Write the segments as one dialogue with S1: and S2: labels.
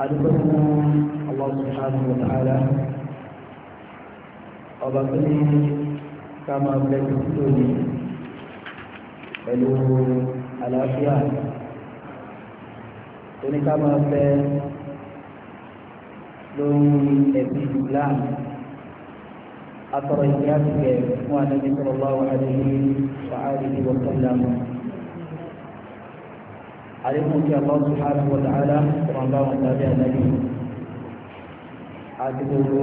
S1: adúgbòkú Allah subhanahu wa ta'ala ọba tó ní ká máa bẹ tó ní pẹ̀lú àlàáfíà tó ní ká máa bẹ lórí ẹ̀bí Islam atọ̀rọ̀ ìgbà tó kẹ̀ fún anábì sallallahu alaihi wa alihi wa sallam àlékún kí Allah subhanahu wa ta'ala kó máa bá wọn tàbí àdáyé àti gbogbo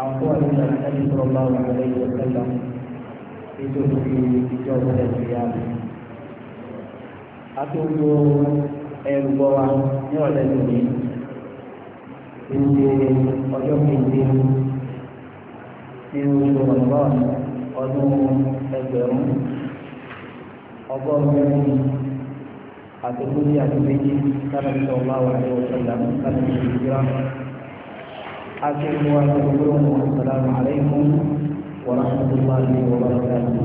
S1: àwọn tó wà ní ìlànà ẹni sọ̀rọ̀ bá wà lẹ́yìn ìwọ̀sẹ̀lá ètò ìfi ìjọ ìwọ̀sẹ̀ tó yá mi. àti gbogbo ẹrù gbọ́ wa ní ọ̀lẹ́ lónìí ìṣe ọjọ́ kejì
S2: nínú oṣù ọ̀gbọ́n ọdún ẹgbẹ̀rún ọgọ́rùn-ún àti lórí àti méjì
S1: sára ní ọlá wà ní ọ̀sẹ̀lá láti ní ìjírá àti ìlú àti ìgbéró mọ̀ ọ̀sẹ̀lá àlẹ́kùn wà láti wà ní ọlá wà ní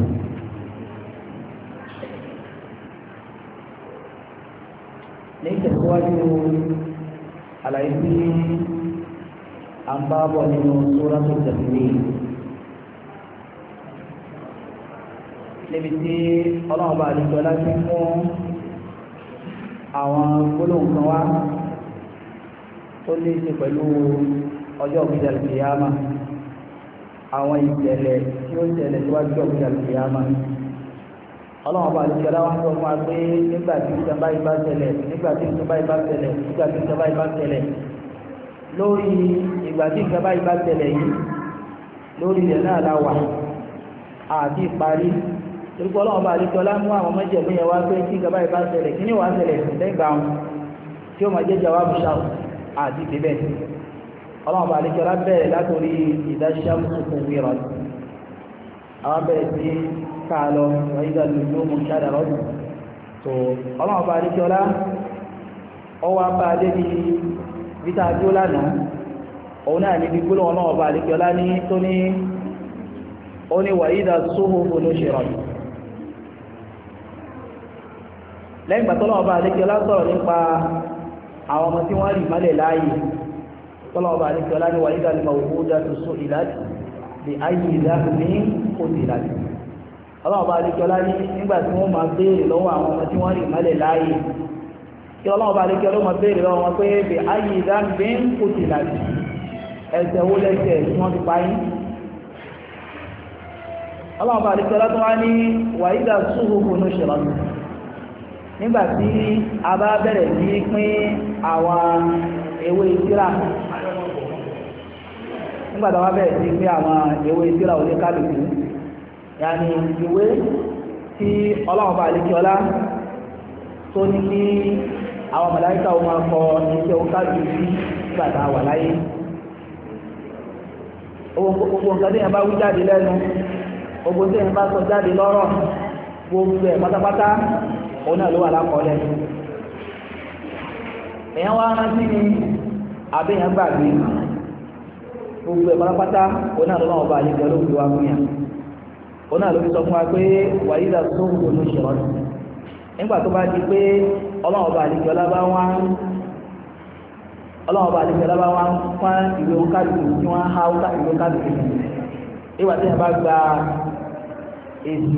S1: ní ìtẹ̀síwájú àwọn gbólóhùn kan wá tó ní í ṣe pẹ̀lú ọjọ́ òkúta ìyáàmà àwọn ìṣẹ̀lẹ̀ tí ó ṣẹlẹ̀ síwájú òkúta ìyáàmà ọlọ́run ọba àti ìṣẹ̀lá wọn sọ fún wa pé nígbà tí ìjọba ìbá ṣẹlẹ̀ nígbà tí ìjọba ìbá ṣẹlẹ̀ nígbà tí ìjọba ìbá ṣẹlẹ̀ lórí ìgbà tí ìjọba ìbá ṣẹlẹ̀ yìí lórí ilẹ̀ náà la wà àti ìparí torípọ̀ ọlọ́run bá àdìsọ lámú àwọn mọ́jẹ̀mú yẹn wá pé kí gàbá ìbá ṣẹlẹ̀ kí ní wàá ṣẹlẹ̀ lẹ́gbàá wọn tí ó máa jẹ́ jawabu ṣáà àti ìdíbẹ̀ ọlọ́run bá àdìsọ lábẹ́rẹ̀ látòrí ìdáṣàmùsùn fún wíra àwọn abẹ́rẹ́ sí kaalọ wàyíga lùlù mùsàdà rọ́dù tó ọlọ́run bá adéjọ́lá ọwọ́ lẹ́yìn gbàtọ́lọ́wọ́ bá alékiọlá sọ̀rọ̀ nípa àwọn ọmọ tí wọ́n rí mọ́lẹ̀ láàyè tọ́lọ́wọ́ bá alékiọlá ní wàyíká ní màwùkú dàtú sọ ìlàjì lè ayé ìdáhùn ní òdì ìlàjì ọlọ́wọ́ bá alékiọlá ní nígbà tí wọ́n máa béèrè lọ́wọ́ àwọn ọmọ tí wọ́n rí mọ́lẹ̀ láàyè kí ọlọ́wọ́ bá alékiọlá máa béèrè lọ́wọ́ wọn nígbà a bá bẹ̀rẹ̀ ní pín àwọn ewé ìsíra tí a bá bẹ̀rẹ̀ pín àwọn ewé ìsíra oníkálùkù yàní ìwé tí ọlọ́run bá tó ní kí àwọn kọ iṣẹ́ oníkálùkù sí nígbà a wà láyé gbogbo nǹkan tí yẹn bá jáde lẹ́nu gbogbo òun náà ló wà lákọọ́lẹ̀ èèyàn wá rántí ni àbẹ́yàn gbàgbé gbogbo ẹ̀ pátápátá òun náà ló náà bá àyíká ló fi wá fún yàn òun náà ló fi sọ fún wa pé wàyídà tó ń gbòòrò ṣe nígbà tó bá di pé ọlọ́run ọba àlejò ọlábá wá ọlọ́run ọba àlejò ọlábá wá ìwé tí wọ́n há gba èsì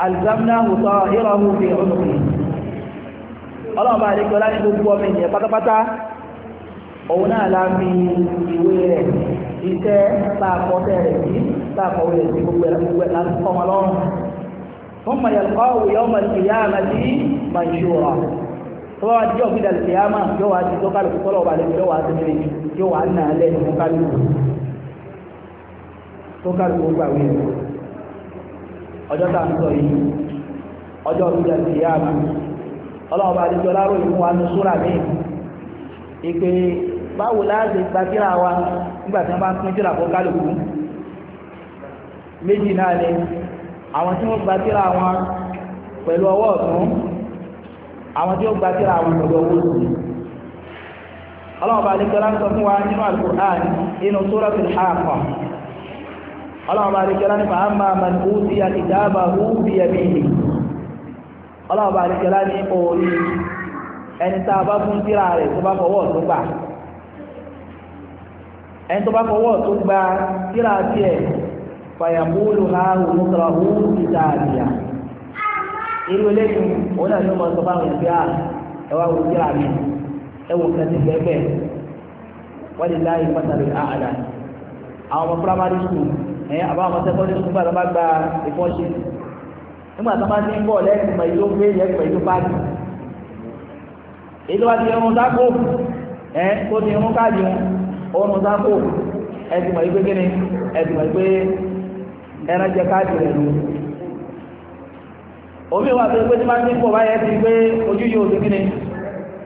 S1: alzamnahu ta'irahu fi unuqi ọlọ́run bá àdékọ́ láti gbogbo ọmọ ènìyàn pátápátá òun náà la fi ìwé rẹ̀ iṣẹ́ láàkọ́tẹ̀ rẹ̀ sí láàkọ́wé rẹ̀ sí gbogbo ẹ̀rọ gbogbo ẹ̀rọ ọmọ lọ́rùn fún mayalkọ́ òwúyọ́ ọmọ ìyá àmàdí manṣúra tó bá wá di ọ̀gbìn dàlùkì yá yóò wá di tó kálukú wà lẹ́nu yóò wá di yóò wá nà lẹ́nu kálukú tó ọjọ́ tá à ń sọ yìí ọjọ́ tó jẹ́ ti yá àbí ọlọ́run bá ti jọlá ròyìn fún wa ní súrà míì ìpè báwo láti gba kíra wa nígbà tí wọ́n bá ń pín kíra fún kálukú méjì náà ni
S2: àwọn tí wọ́n gba wọn
S1: pẹ̀lú ọwọ́ ọ̀tún àwọn tí ó gba wọn pẹ̀lú ọwọ́ òsì ọlọ́run bá ti sọ fún wa nínú Al-Qur'an nínú Suratul ọlọ́run bá àríkẹ́lá ní fàámà man úti àtìdáàbà úbi ẹ̀mí ìlú ọlọ́run bá àríkẹ́lá ní orí ẹni tá a bá fún tíra rẹ̀ tó bá fọwọ́ tó gbà ẹni tó bá fọwọ́ tó gba tíra tiẹ̀ fàyàmúlò ha òmùkàrà òun ti dáadìá irú eléyìí òun náà ní ọmọ sọ fáwọn ìgbé à ah, àwọn ọmọ primary school ẹ̀yìn àbá àwọn sẹ́kọ́ndì nígbà tó bá gba ìfọ́ṣe nígbà tó bá ti ń bọ̀ lẹ́yìn pẹ̀lú gbé yẹ pẹ̀lú páàkì èyí tó bá ti rún sáko ẹ̀ tó ti rún káàdì wọn ó rún sáko ẹ̀sìn mọ̀ ìgbé kíni ẹ̀sìn mọ̀ ìgbé ẹran jẹ káàdì rẹ̀ lò omi wà tó pé tí máa ti ń bọ̀ báyẹ̀ ti pé ojú yóò ti kíni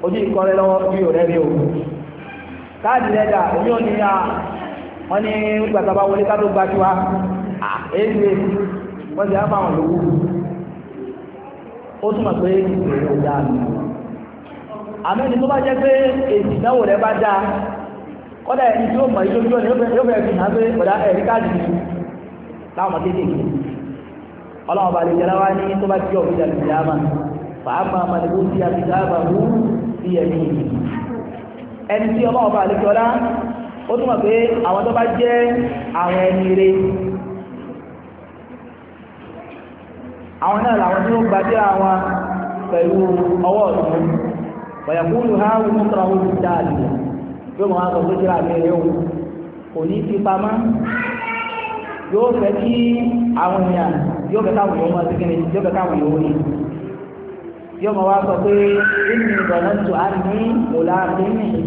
S1: ojú ìkọrẹ lọ́wọ́ ojú yóò rẹ̀ rí o káàdì rẹ̀ dà omi ò ní wọ́n ní gbàtà bá wọlé kátó gbajú wa èyí wọ́n ti á wọn lówó ó túmọ̀ pé èrò dáa nù àmọ́ ẹni tó bá jẹ́ pé èsì ìdánwò rẹ̀ bá dáa kọ́dà ẹni tí ó mọ̀ yóò fẹ́ fi hàn pé ọ̀dà ẹ̀rí káàdì láwọn kéékèèké ọlọ́run bá lè jẹ́ láwá ní tó bá àmà fàámà sí sí ẹ̀mí ẹni tí ọlọ́run bá lè ó túnmọ̀ pé àwọn tó bá jẹ́ àwọn ẹni ire àwọn náà làwọn tí ó gbadé àwọn pẹ̀lú ọwọ́ ọ̀tún ha wù mú kọ́ra wọ́n dá yóò mọ̀ wọn sọ pé kò ní fi pamọ́ yóò fẹ́ kí àwọn èèyàn yóò fẹ́ káwọn èèyàn ti kéde yóò fẹ́ káwọn èèyàn wọlé yóò mọ̀ sọ pé inú a ní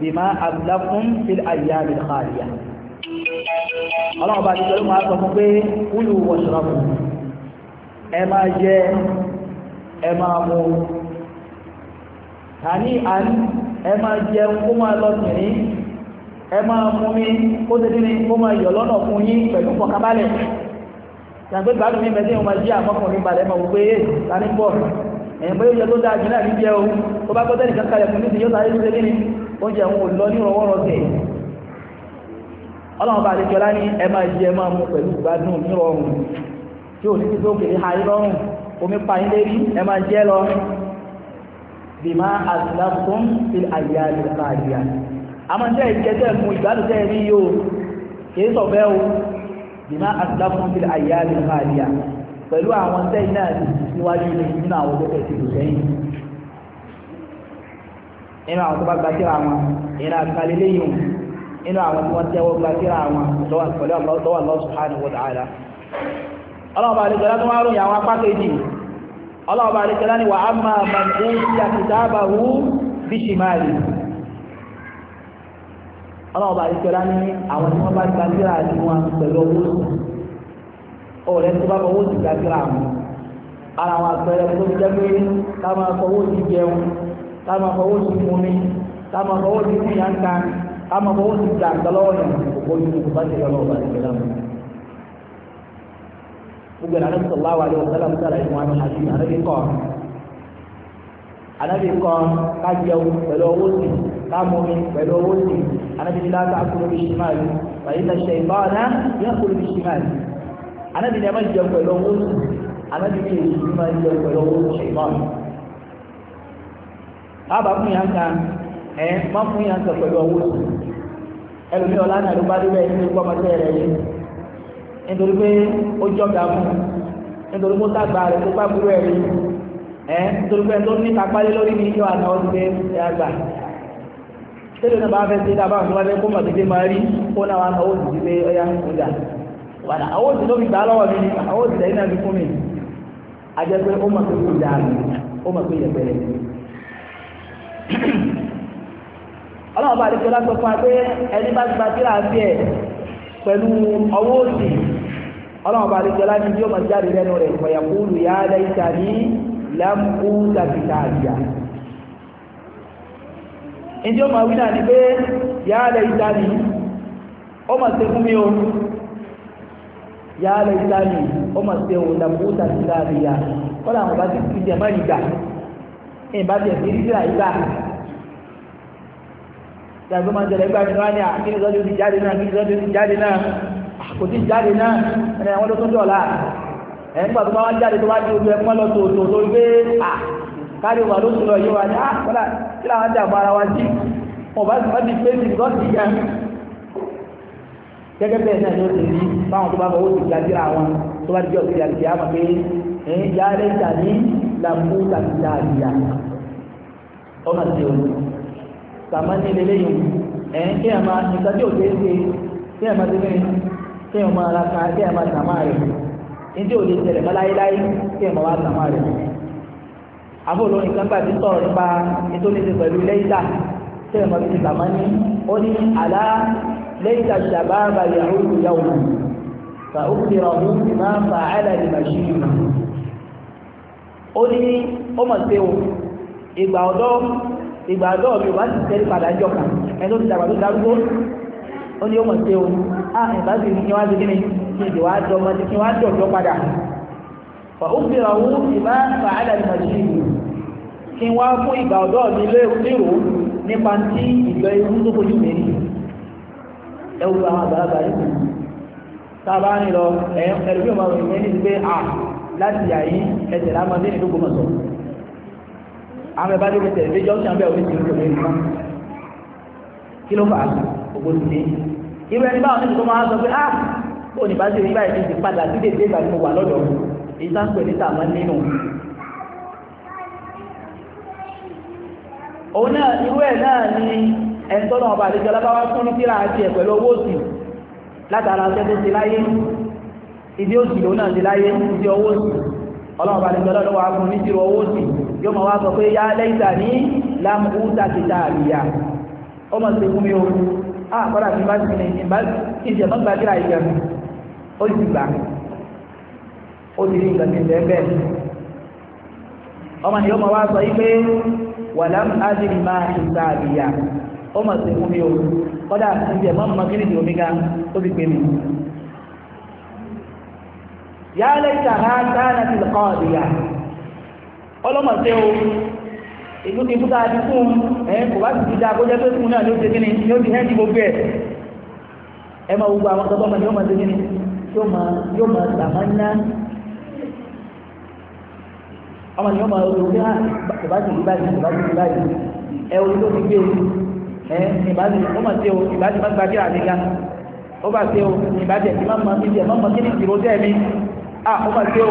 S1: bima ablafun fil ayyami khaliya
S2: ọlọ́run bá ti sọ lóun á sọ fún pé kúlù
S1: wọ̀ṣọ́rọ̀mù ẹ máa jẹ ẹ máa mu tani àní ẹ máa jẹun kó máa lọ tìrín ẹ máa mú mi kó tètè ní kó máa yọ lọ́nà fún yín pẹ̀lú kọkàbálẹ̀ ìyàgbé gbàdúrà mi mẹ́tẹ́ ìwọ̀n jí àmọ́kùnrin balẹ̀ mọ̀ wípé ta ní ẹ̀yìn bóyá tó dáa jù náà ní jẹ́ o tó bá gbọ́tẹ́ nìkan kalẹ̀ fún níbi yóò sáré lóṣèlú oúnjẹ wọn ò lọ ní rọwọ́rọsẹ̀ ọlọ́run bá àlejò láni ẹ máa jẹ ẹ máa mú pẹ̀lú ìgbádùn nírọ̀rùn tí ò ní ti tó kèrè ayé lọ́rùn omi pa yín lérí ẹ máa jẹ lọ bìmá àtìláfún fi àyè àlùkà àyè àmọ́tẹ́ ìjẹ́tẹ́ mú ìgbádùn tẹ́ rí yóò kìí sọ̀bẹ́ o bìmá àtìláfún fi àyè àlùkà àyè pẹ̀lú àwọn tẹ́yìn náà síwájú nínú àwọn tẹ́tẹ́ ti lò sẹ́yìn nínú àwọn tó bá gba síra wọn ìrìn àkàlẹ̀ lẹ́yìn nínú àwọn tí wọ́n tẹ́wọ́ gba síra wọn pẹ̀lú ọlọ́wọ́ Allah subhanahu wa ta'ala ọlọ́ọ̀bà àdìsọ́lá tó wá ròyìn àwọn apá kejì ọlọ́ọ̀bà àdìsọ́lá ni wà á máa man utiya kitabahu bishimali ọlọ́ọ̀bà àdìsọ́lá ní àwọn tí wọ́n bá gba síra wọn pẹ̀lú owó kama bawozi fọwọ́ kama bawozi ká kama bawozi sí fún yàǹkà ká máa fọwọ́ sí gbàǹkà lọ́wọ́ yẹn kò ju kò bá tẹ̀lé sallallahu alaihi wasallam sára ìwọ̀n àti àti ànábì kọ́ ànábì kọ́ ká jẹun pẹ̀lú ọwọ́ sí ká mú mi pẹ̀lú ọwọ́ sí ànábì ní láti àkúrò bí ṣìmáàlì pàyí ta ṣe ìbá ọ̀nà ní àkúrò bí ṣìmáàlì ànábì ní ẹ má jẹun pẹ̀lú àbá fún yàn kan ẹ má fún yàn kan pẹ̀lú ọwọ́ sí ẹlòmí ọ̀la náà ló bá dé bẹ́ẹ̀ nítorí pọ́ ọmọdé rẹ̀ yìí nítorí pé ó jọ̀gà fún nítorí pé ó dàgbà rẹ̀ tó bá burú ẹ̀ rí ẹ nítorí pé tó ní kápálẹ́ lórí ní yọ àná ọdún pé ẹ àgbà tẹ́lẹ̀ náà bá fẹ́ ṣe dábàá fún wa fẹ́ kó mọ̀ máa rí kó náà wà náà ó sì ti pé ọyá ń wàdà àwọn òsì ló fi gbà lọ́wọ́ mi àwọn òsì lẹ́yìn náà fi fún mi àjẹpẹ́ ó mọ̀ pé kò dáa ó mọ̀ pé yẹpẹrẹ ọlọ́run bá àdéjọ́ lásán fún wa ẹni bá gba síra bí pẹ̀lú ọwọ́ òsì ọlọ́run bá àdéjọ́ lásán tí ó máa jáde lẹ́nu rẹ̀ fọ̀yàkúlù yá lẹ́yìntà ní lámkú tàbíkà àjà kọ́lá àwọn bá ìbá tiẹ̀ sí ìdílà yìí bá ìyàgbọ́n máa ń tẹ̀lé gbà nínú àní àkíní sọ́dún ti jáde náà kíní sọ́dún ti jáde náà kò tí jáde náà ẹni àwọn tó dọ̀la ẹ̀ nígbà tó bá wá jáde tó wá di ojú ẹ̀kọ́ lọ tòótò tó gbé à kárí wà lóṣù lọ yìí wà ní àkọ́lá kí làwọn dàgbà ara wa jí wọn bá bá ti pé nìkan ti yá gẹ́gẹ́ bẹ́ẹ̀ náà ló ti rí báwọn tó bá fọwọ́ sí àti ẹ̀yìn ya rẹ̀ ìjà ní làkú tàbíjà àríyá ọmọ sí o sàmá ní ilé lẹ́yìn ẹ̀yìn kí ẹ̀ma nǹkan tí ò lè ṣe kí ẹ̀ma ti rìn kí ẹ̀ma ara ka kí ẹ̀ma sàmá rẹ̀ ní tí ò lè ṣẹlẹ̀ mọ́ láéláé kí ẹ̀ma wá sàmá rẹ̀ àbúrò nǹkan gbà tí sọ̀rọ̀ nípa ètò pẹ̀lú lẹ́yìnlá tí ẹ̀ma ti sàmá ní ó ní àlá ليس الشباب يعود يوما فأخبره بما فعل لمشيبه ó ní ó mọ̀ sí o ìgbà ọ̀dọ́ ìgbà ọ̀dọ́ mi ò bá padà jọ kan ẹni tó ti dàgbà tó ó ní o á ìbá sì ní kí wá sí kí ni kí ìdè wá jọ ọmọdé kí wá jọ ọjọ́ padà ó fi ràn ìbá fàádà ní kí wá fún ìgbà ọ̀dọ́ mi lérò nípa tí ìgbà láti yàyí ẹsẹ̀ láàmọ́ ní ìlú gbọmọ̀sọ̀ àwọn ẹ̀bá lórí tẹ̀lé jọ́ sí àbẹ́ òní tìlú lórí nǹkan kí ló fà á ògbó ti dé irú ẹni báwọn nítorí máa sọ pé á kó ní bá ṣe rí báyìí ti padà sí dédé ìgbà tí mo wà lọ́dọ̀ èyí tá ń pè ní tààmọ́ nínú
S2: òun náà irú ẹ̀ náà ni ẹni tọ́nà ọba àdéjọ́ lábáwá fún ní kíra àti ẹ̀
S1: pẹ̀lú owó òsì látara ṣẹ́ tó ṣe láyé ìdí òsì lòun náà ti láyé ìdí ọwọ́ òsì ọlọ́run balẹ̀ ìjọ lọ́dọ̀ wà fún ní ìṣirò owó òsì yóò máa wá sọ pé yá lẹ́yìn ní lámúta kìtà àríyá ó mọ̀ sí fún mi o á kọ́dà tí bá ti ní ìjẹ̀ mọ́ gbàgíra ìjẹ̀ ó sì gbà ó ti rí nǹkan ti bẹ́ẹ̀ bẹ́ẹ̀ ọmọ ni yóò máa wá sọ yí pé wàlám ádìrí máa kìtà àríyá ó o kọ́dà ìjẹ̀ mọ́ mọ́ ya lẹ́yìn àhá kánà ti lọ́kọ́ o ìlú ti fúta ti fún ẹ̀ ti ẹ máa gbogbo àwọn tọ́gbọ́n ni ma máa ṣe kíni yóò máa ma máa tàmá ti ti ẹ orí ọ ti gbé o ẹ ìbáṣe ó o ti Ah, àkọ́kọ́ sí o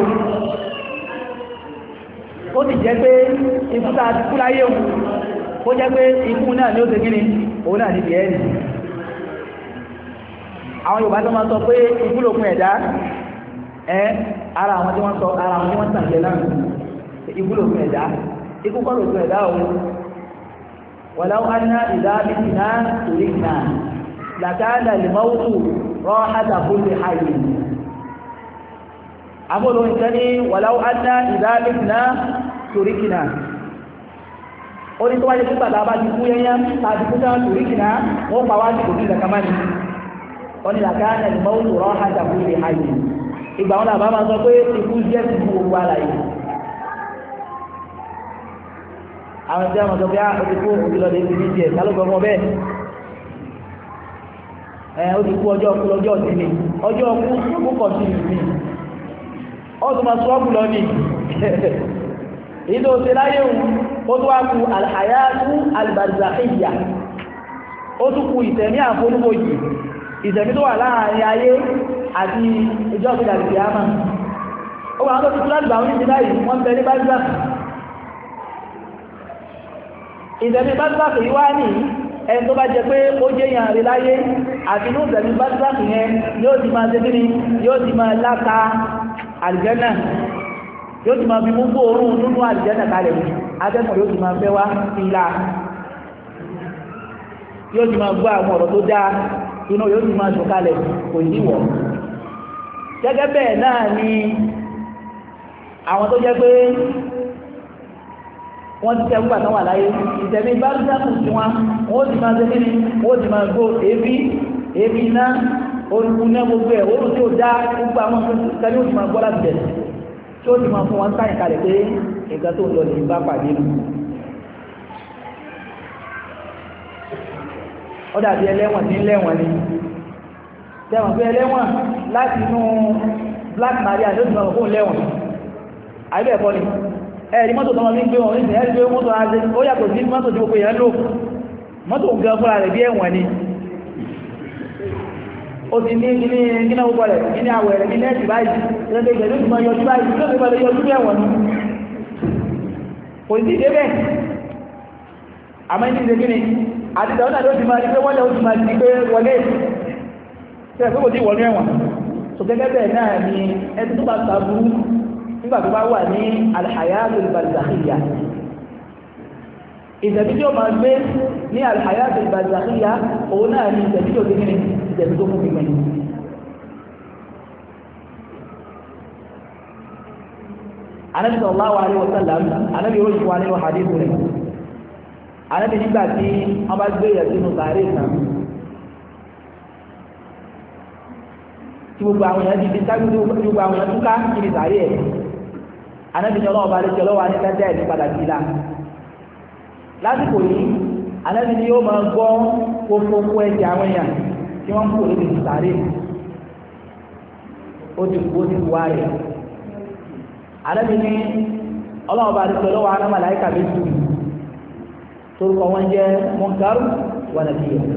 S2: ó sì jẹ́ pé ikú tá ti kú láyé o ó jẹ́ pé ikú náà
S1: ni ó ṣe òun náà níbi àwọn Yorùbá tó máa sọ pé ikú ẹ̀dá ẹ ara àwọn tí wọ́n sọ ara àwọn tí wọ́n tàn náà ikú lòkun ẹ̀dá ikú kọ́ ẹ̀dá aná ìdá torí àbúrò nǹkan ní wàláwó adá ìdálẹ́gbìnà toríkìnà ó ní tó wáyé pípa tàbá ti kú yẹnyá tàbí kú sáà toríkìnà wọ́n pa wá sí òbí ìlẹ̀ kamani ó ní làkà ní ẹ̀dùnmọ́ ó lòrọ́ ajá kú lè ayé ìgbà wọn làbá máa sọ pé ikú jẹ́ ti kú gbogbo ara yìí àwọn ìjọba àwọn ìjọba ó ti kú lọ́dẹ ti ní jẹ sálọ́gbọ̀n mọ́ bẹ́ẹ̀ ẹ̀ ó ti kú ọjọ́ ọkú lọ́jọ́ ọ̀sìn mi ọjọ́ ọkú kúkọ̀ sí mi ọdún ma sọ́ọ̀bù lọ ní ìdó òsè láyé òun ó tó wá kú alhayatu ó tún kú ìtẹ̀mí àfolúgbòjì ìtẹ̀mí tó wà láàrin ayé àti ìjọ́ ìgbà ìgbà àmà ó wà tó lágbà orí ìdílá yìí wọ́n bẹ ní ìtẹ̀mí ní ẹni àlìjẹ́nà yóò ti máa fi gbogbo oorun nínú àlìjẹ́nà kalẹ̀ atẹ́kùn yóò ti máa fẹ́ wá sí yóò ti máa gbọ́ àwọn ọ̀rọ̀ tó dáa inú yóò ti máa dùn kalẹ̀ kò ní wọ̀ gẹ́gẹ́ bẹ́ẹ̀ náà ni àwọn tó jẹ́ pé wọ́n ti tẹ́gbà náà wà láyé ìtẹ̀mí bá ń dákùn sí wọn wọ́n ti máa tẹ́lẹ̀ wọ́n ti máa gbó èébí èébí náà orúkún náà gbogbo ẹ̀ oòrùn tí ó dá gbogbo àwọn kan yóò ti máa gbọ́ láti bẹ̀rẹ̀ tí ó ti máa fún wọn sáyìn kalẹ̀ pé nǹkan tó ń lọ nìyí bá pàdé nù. ó dàbí ẹlẹ́wọ̀n tí ń lẹ́wọ̀n ni tẹ̀wọ̀n pé ẹlẹ́wọ̀n láti inú Black Maria ló ti máa fún lẹ́wọ̀n àbẹ̀ ẹ̀kọ́ ni ẹ̀rí mọ́tò tọmọ mi ń gbé wọn ní ìsìn ẹ̀rí pé mọ́tò ó yàtọ̀ sí mọ́tò tí gbogbo èèyàn lò mọ́tò ń gan fúnra rẹ̀ bí ẹ̀wọ̀n ni ó ti ní kíní kíní ọgbọ rẹ̀ kíní àwọ̀ rẹ̀ kíní ẹ̀sì báyìí lẹ́gbẹ̀ẹ́ ìgbẹ̀lú ti máa yọjú báyìí ló ti máa yọjú bẹ́ẹ̀ wọ̀n kò sí débẹ̀ àmọ́ ní ṣe kíní àti ìdáwọn náà ló ti máa di pé wọ́lẹ̀ ó ti máa di pé wọlé ṣẹlẹ̀ pé kò sí wọnú ẹ̀wọ̀n tó gẹ́gẹ́ bẹ́ẹ̀ náà ni ẹni tó bá sàbú nígbà tó bá wà ní alhayatul barzakhiya ìtẹ̀bí tí ó máa gbé ní alhayatul barzakhiya òun náà ni ìtẹ̀bí tí ó ti kíní jẹ̀bi tó kún fífẹ́ yìí. anabi sallallahu alaihi wa sallam anabi yóò fún wa nínú hadith rẹ̀ anabi nígbà tí wọ́n bá gbé yẹ̀ sínú sàárè kan tí gbogbo àwọn èèyàn dìde sáájú tí gbogbo àwọn èèyàn túká kiri sàárè ẹ̀ anabi sọlọ́ ọba alẹ́ sọlọ́ wa ní lẹ́tẹ̀ ní padà sí la lásìkò yìí anabi ni yóò máa gbọ́ kókó kó ẹ̀jẹ̀ àwọn èèyàn tí wọ́n kú níbi sàárè ó ti kú ó ti wá rẹ̀ àdàbí ní ọlọ́run bá dùkọ̀ lọ́wọ́ àwọn màláíkà méjì torúkọ wọn jẹ́ mọ́gàrú wà nàbí yẹn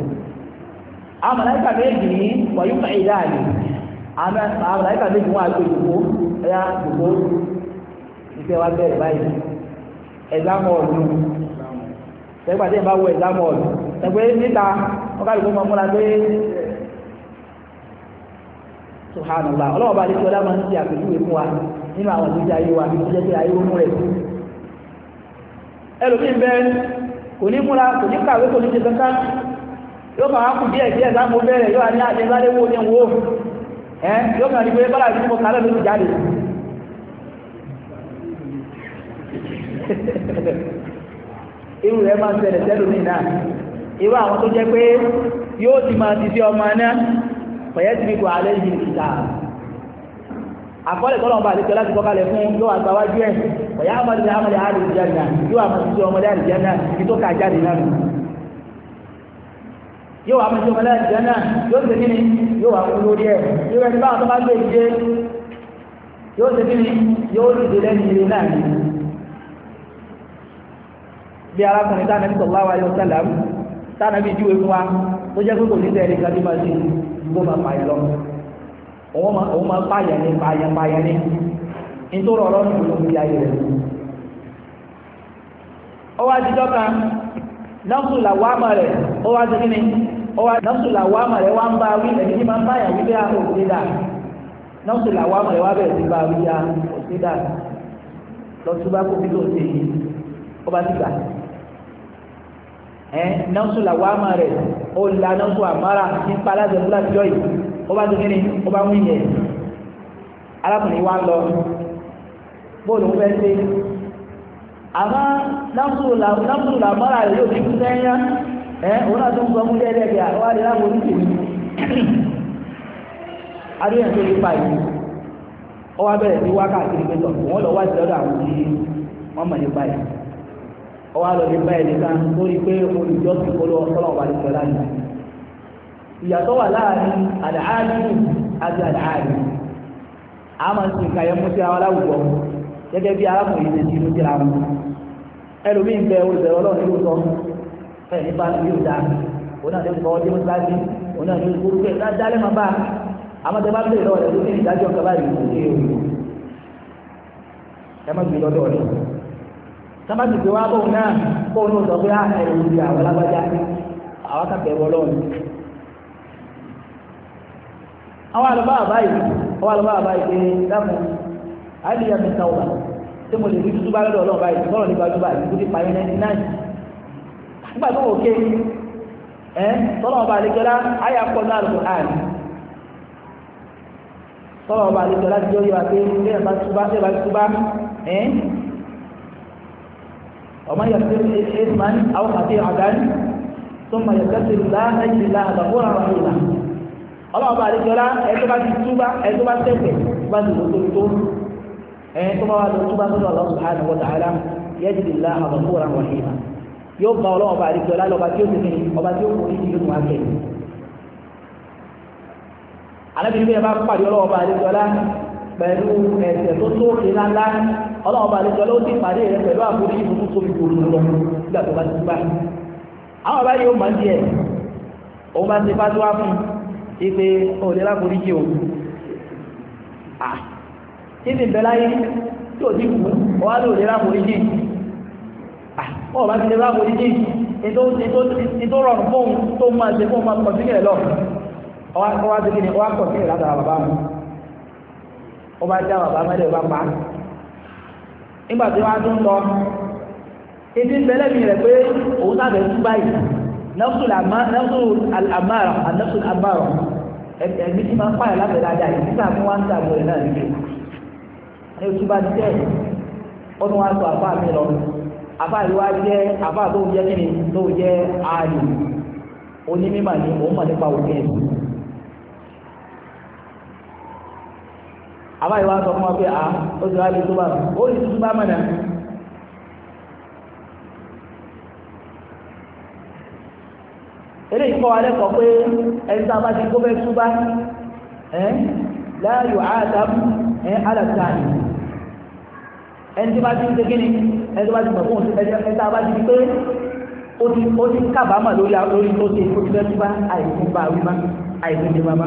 S1: àwọn màláíkà méjì ní wàyí fà ìdá àlè àwọn màláíkà méjì wọn àgbè dùkọ̀ ẹ̀yà dùkọ̀ ìfẹ́ wa bẹ̀rẹ̀ báyìí ẹ̀dá mọ́ọ̀lù tẹ́gbàdé ìbáwọ̀ ẹ̀dá mọ́ọ̀lù tẹ́gbẹ́ níta wọ́n kálukú mọ́ múra pé subhanallah ọlọ́wọ́ bá lẹ́tọ́ dáma ń ṣe àpèjúwe fún wa nínú àwọn ìgbésí ayé wa jẹ́ pé ayé ó mú rẹ̀ ẹlòmíín bẹ́ẹ̀ kò ní múra kò ní kàwé kò ní ṣe kankan yóò máa kù díẹ̀ díẹ̀ sáà mo bẹ̀rẹ̀ yóò ní àti ẹgbẹ́ wo ní wo ẹ yóò máa ní pé bọ́lá ìlú mo kálẹ̀ lórí jáde irú rẹ̀ máa ń ṣẹlẹ̀ sẹ́lòmíín náà irú àwọn tó jẹ́ pé yóò ti máa ti sí ọmọ náà fẹ̀yẹ́sìmíkò alẹ́ yìí ìta àkọọ́lẹ̀ tọ́lọ̀ ọba àlejò láti kọ́kálẹ̀ fún yóò àgbà wájú ẹ̀ ọ̀yá ọmọdé àmọ̀lẹ̀ àrìjẹ́nà yóò àmọ̀sí ọmọdé àrìjẹ́nà ibi tó kà jáde náà yóò àmọ̀sí ọmọdé àrìjẹ́nà yóò ṣe kíni yóò àkú lórí ẹ̀ yóò ẹni báwọn tó bá gbé ìdíje yóò ṣe kíni yóò dìde lẹ́nu ilé náà ni bí arákùnrin tánàbí sọ̀lá wa yóò sálàm tánàbí júwe fún tó jẹ́ pé kò ní sẹ́ẹ̀rí kan tí máa ṣe kó máa pààyàn lọ òun máa pààyàn ní pààyàn pààyàn ní nítorí ọ̀rọ̀ ní gbogbo ìyá rẹ̀ ó wá jíjọ́ kan nọ́ọ̀sù làwámà rẹ̀ ó wá ti kíni ó wá nọ́ọ̀sù làwámà rẹ̀ wá ń bá wí ẹ̀mí ní máa ń báyà wípé a ah, kò sí dáa rẹ̀ wá bẹ̀rẹ̀ sí bá wí a ah, kò sí sí ti gbà nọ́ọ̀sù làwámà rẹ̀ ó la nọ́ọ̀sù àmàrà ní yìí ó bá ó bá wí yẹn wa lọ bóòlù ń fẹ́ ṣe àmọ́ nọ́ọ̀sù làmàrà rẹ̀ yóò fi kú sẹ́yìn ẹ́ òun náà tó ń gbọ́ mú lẹ́ẹ̀dẹ́gbẹ̀ àwọn adìyàwó ní adúlẹ̀ tó lè fa ìlú ó wá bẹ̀rẹ̀ sí wákàtí pẹ̀tọ̀ wọ́n lọ wá sí àwọn mọ̀ ọwọ́ àlọ́lé báyìí nìkan ó rí pé olùjọ́sìn polówó ọlọ́run wà nípa láàyè ìyàtọ̀ wà láàrin àdáhàlì àti àdáhàlì a máa ń sin kàyẹ́ mú sí ara láwùjọ gẹ́gẹ́ bí arákùnrin ṣe ti inú síra wọn ẹlòmíì ń bẹ olùbẹ̀rẹ̀ ọlọ́run ló sọ ẹ̀ nípa yóò dá òun náà ló kọ́ ọdún sáájú òun náà ló kúrú pé dáadáa máa bá amọ̀tẹ́ bá bẹ̀rẹ̀ lọ́wọ́ rẹ̀ lórí ìdájọ́ kaba yìí ó sábà ti gbé wá bóun náà bóun náà sọ pé á ẹ̀rù ìdí àwọn alágbájá àwọn akẹ́kẹ̀ẹ́ wọlọ́ ni. àwọn àlọ́bá àbáyé àwọn àlọ́bá àbáyé pé dákun àìlèyà mi ta ọ̀la tí mo lè rí túbá lọ́dọ̀ ọlọ́run báyìí bọ́ọ̀lù nípa túbá yìí kó ti pa yẹn náà nígbà tó wò ké ẹ tọ́lọ̀ ọba àlejòlá ayé akọ́ náà lọ́kọ̀ àná tọ́lọ̀ ọba àlejòlá ti ومن يغتسل إثما أو خطيئة ثم يغتسل الله يجد الله غفورا رحيما ọlọ́run bá àdéjọ́lá ẹjọ́ bá ti túbá ẹjọ́ bá tẹ̀sẹ̀ bá ti lò tóbi tó ẹni tó bá wà lọ túbá sọ́dọ̀ Allah subhanahu wa ta'ala yajidillaha ghafuran rahima yóò gba ọlọ́run bá àdéjọ́lá lọ́ba tí ó ti ní ọba tí ó kò ní ìlú wa kẹ́ bá pàdé ọlọ́run bá àdéjọ́lá pẹ̀lú ẹ̀ṣẹ̀ tó tó kéńlá ọlọ́run bá àlejò ló ti pàdé rẹ pẹ̀lú àforí ìfúnfún tóbi gbòòrò lọ nígbà tó bá ti gbà àwọn bá yóò máa ń díẹ̀ òun bá ti fásitì wá fún ipe òde láforí jì òun à kí ni bẹ́ẹ̀ láyé tí ò ti kú ọwá ní òde láforí jì à ọ̀ bá ti lè láforí jì ètò rọrùn fóun tó máa ṣe fóun máa kọ̀ sílẹ̀ lọ ọwá ti kí ni ọwá kọ̀ sílẹ̀ látara bàbá mu ọba já bàbá mẹ́lẹ̀ bá pa á nígbà tí wọ́n á lọ ibi bẹ́lẹ̀ mi rẹ̀ pé òun sábẹ̀ tú báyìí nafsul amara nafsul amara ẹ̀mí tí máa ń pààyàn lábẹ́ dáadáa yìí nígbà tí wọ́n á ń tàbí rẹ̀ náà níbi ní oṣù bá jẹ́ ọdún wa sọ àfáà mi lọ àfáà yìí wá jẹ́ àfáà tó jẹ́ kíni tó jẹ́ ààyè onímọ̀ ni òun mọ̀ nípa òfin ẹ̀sìn àbá ìwà sọ fún wa pé àá ah, ó ti wá lè tó bá ó lè tuntun bá mọ̀nà eré ìkọ́ alẹ́ kọ̀ pé ẹni tá a bá ti kó bẹ́ẹ̀ túbá láàyò àádám alàtàní ẹni tí bá ti ń segin ni ẹni tó bá ti mọ̀ fún ẹni tá a bá ti pé ó ti kábàámà lórí tó ṣe ó ti fẹ́ túbá àìkú bá wí má àìkú ti bá má.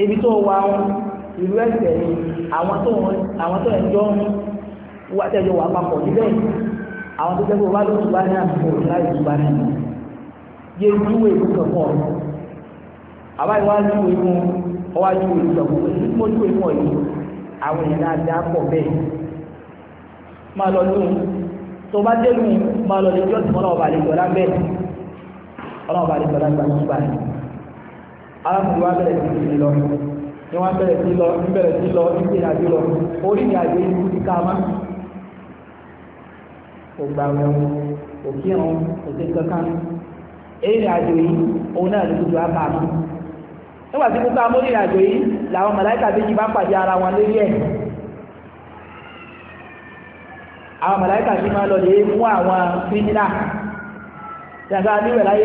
S1: ibi tó wà wọn ìlú ẹ̀sẹ̀ ni àwọn tó àwọn tó ẹ̀jọ́ wà tẹ́jọ wà papọ̀ níbẹ̀ àwọn tó tẹ́jọ wà ló tùbá ní àbúkò láì tùbá ní àbúkò yé júwe ìkókò pọ̀ àbáyé wá júwe fún ọwá júwe ìkókò mo júwe fún ọ̀yìn àwọn èèyàn náà dá pọ̀ bẹ́ẹ̀ máa lọ lóhun tó bá délùú máa lọ lè jọ́ ìmọ̀lọ́ọ̀bà lè jọ lábẹ́ ọlọ́ọ̀bà lè jọ lágbàá alámùdíwá bẹ̀rẹ̀ sí ìrìn lọ ni wọ́n bẹ̀rẹ̀ sí lọ ní bẹ̀rẹ̀ sí lọ ní ìrìn àjò lọ orí ni àjò yìí ti ká má kò gbà wẹ̀wò kò kírun kò sí kankan ìrìn àjò yìí òun náà ló dúdú apá mi nígbà tí kúkú amórí ìrìn àjò yìí làwọn màláìkà méjì bá pàdé ara wọn lórí ẹ̀ àwọn màláìkà sì máa lọ lè mú àwọn kírímínà yàtọ̀ àdéhùn ẹ̀ láyé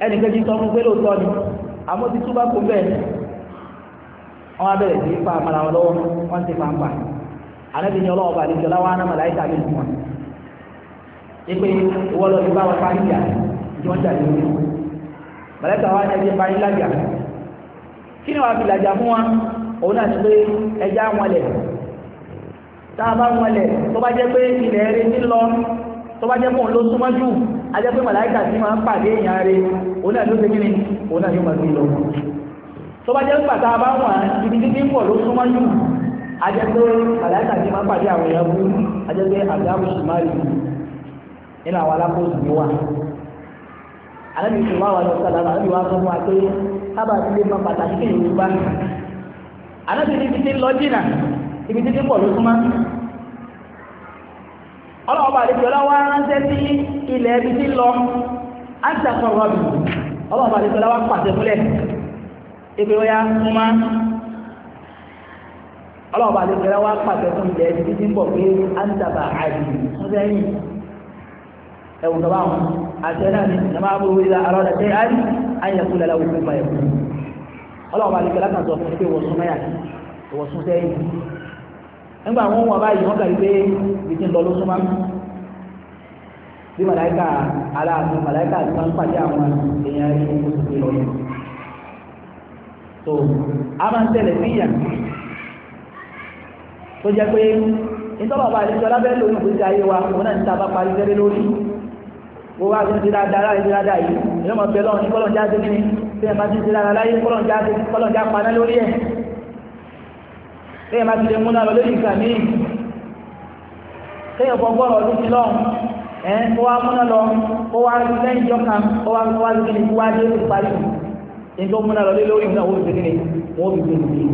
S1: ẹnìkejì sọ fún pé lóòótọ́ ni àmọ́ ti túbá kó bẹ́ẹ̀ wọ́n abẹ́rẹ́ sí fa àmàlà wọn lọ́wọ́ wọ́n ti fa ń pa àlẹ́bí ni ọlọ́wọ́ lọ wọn parí ìyá wọn lájà kí ni fi làjà fún wa òun náà ti pé lọ tó bá jẹ́ fún ló súnmọ́ jù a jẹ́ pé màláìkà sí máa ń pàdé èèyàn rẹ̀ òun náà ló ṣe kí
S2: ni òun náà
S1: yóò máa gbé lọ tó bá jẹ́ pàtà bá wà ibi títí ń pọ̀ ló súnmọ́ jù a jẹ́ pé màláìkà sí máa ń pàdé àwọn èèyàn bú a jẹ́ pé àgbáwò sì máa rí nínú àwọn alákòóso ni wà alábi ìṣòro àwọn ọ̀dọ́ sọ̀rọ̀ àwọn ìwà tó pé sábà ti máa pàtàkì kéèyàn ló bá alábi ibi títí lọ jìnà ibi títí pọ̀ ló súnmọ́ ọlọ́ọ̀bà àdìsọ́lá wá ránṣẹ́ sí ilẹ̀ ẹbí tí lọ áṣàkọ̀ rọ̀bì ọlọ́ọ̀bà àdìsọ́lá wá pàṣẹ fúnlẹ̀ ìpè ọya súnmá ọlọ́ọ̀bà àdìsọ́lá wá pàṣẹ fún ilẹ̀ ẹbí tí ń bọ̀ pé áṣàbà àdìsọ́lẹ́yìn ẹ̀wù kaba wọn àṣẹ náà ni ìjọba àbúrò ìlà àrọ́dà tẹ́ àrí àyẹ̀kú lẹ́la òkú ìpàyẹ̀kú ọlọ́ọ̀bà àdìsọ́lá kan sọ fún pé wọ́n súnmẹ́yà wọ́n nígbà wọn wà báyìí wọn kàrí pé bìtì lọ ló súnmọ́ bí màláìka aláàánú màláìka àti wọn pàdé àwọn èèyàn rí oṣù tó lọ yìí so a máa ń tẹ̀lé síyàn tó jẹ́ pé ìtọ́bà bá àlejò alábẹ́ lórí ìgbésí ayé wa òun náà ń ta bá parí lẹ́rẹ́ lórí gbogbo àgbọn ti dáadáa láì ti dáadáa yìí ìyọ́mọ̀ pẹ̀lú ọ̀hún ní kọ́lọ̀ jáde ní bí bá ti ti dáadáa láyé kọ́lọ̀ jáde paná lórí ẹ̀ kéèyàn máa ti lè múná lọ lórí ìgbà míì kéèyàn fọ gbọ́rọ̀ ọdún sí lọ́hùn ẹ̀ kó wá múná lọ kó wá rí lẹ́yìn ìjọ kan kó wá kó wá rí kíni kó wá dé ó parí ní tó múná lọ lé lórí ìgbà wọ́n fi kíni wọ́n fi kíni kíni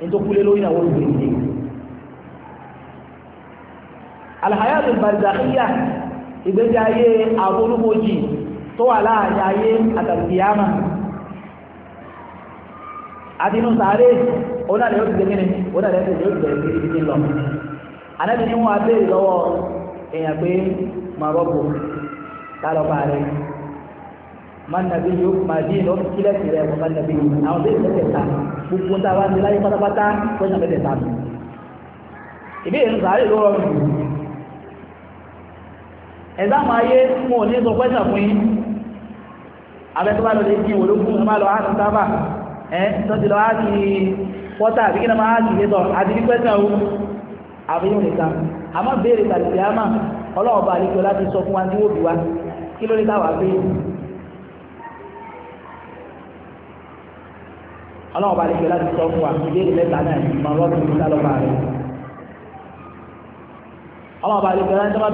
S1: ní tó kúlé lórí ìgbà wọ́n fi kíni kíni. alhayatu barzakhiyya ìgbésí ayé àforúkojì tó wà láàrin ayé àtàkìyàmà àti inú sàárè ọ̀nà rẹ̀ yóò ti gbẹ̀gẹ́ni ọ̀nà rẹ̀ yóò ti gbẹ̀gẹ́ni ibi tí ń lọ. ànábì ni wọn abéèrè lọ́wọ́ èèyàn pé màrọ́bù tálọ́bà rẹ̀ máa nàbí yóò máa dín ìlọ kílẹ̀ sílẹ̀ ẹ̀kọ́ máa nàbí yóò àwọn bẹ́ẹ̀ mẹ́tẹ̀ẹ̀ta gbogbo tá a bá ti láyé pátápátá kọ́ṣà mẹ́tẹ̀ẹ̀ta mi. ìbéèrè ń sàárè ló rọrùn ẹ̀dá máa yé wọn ní sọ pẹ́sà fún yín abẹ́tọ́ bá lọ lè ẹ́ tọ́jú pọ́tà àbí kíná máa áàkì létọ̀ àti bí pẹ́sìn ọ̀hún àbíyàn nìkan àmọ́ béèrè tàbí àmà ọlọ́ọ̀bà àlejò láti sọ fún wa ní òbí wa kí ló pé ọlọ́ọ̀bà láti sọ fún wa náà ọlọ́ọ̀bà láti sọ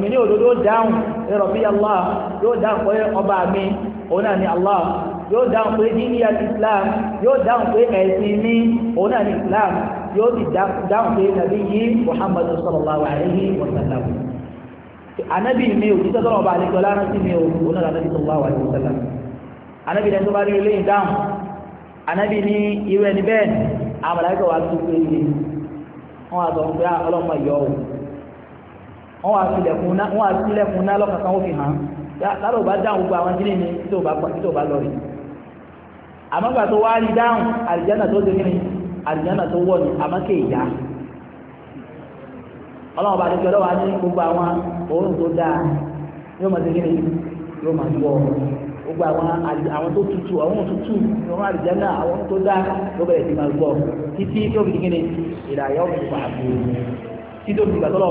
S1: ní dáhùn yóò dáhùn ọba mi òun náà ni Allah yóò dáhùn pé dídíyà Islam yóò dáhùn pé ẹ̀sìn ní òun náà ni Islam yóò ti dáhùn pé nàbí yìí Muhammad sallallahu alayhi wa sallam anabi mi ò títọ́ sọ́rọ̀ ọba àlejò lára sí mi ò òun náà nàbí sallallahu alayhi wa sallam anabi náà tó bá rí eléyìí dáhùn anabi ní irú ẹni bẹ́ẹ̀ àmàlàkọ̀ wa tó pé ní wọ́n wá sọ pé ah, ọlọ́mọ yọ ọ́ wá sílẹ̀kùn náà lọ́kàn kan ó fi hàn án lára ò bá dáhùn gbogbo àwọn kíní ni tí ò bá lọ rí àmọ́ tó wá rí dáhùn àlìjáná tó dé tó wọ̀ ní ya ọlọ́run bá dúpẹ́ lọ́wọ́ ní gbogbo àwọn òórùn tó dáa yóò máa dé kíní yóò máa wọ̀ gbogbo àwọn àwọn tó tutù àwọn tutù àwọn àlìjáná àwọn tó dáa ló bẹ̀rẹ̀ sí máa gbọ́ títí tó fi fún àbúrò títí tó fi gbàtọ́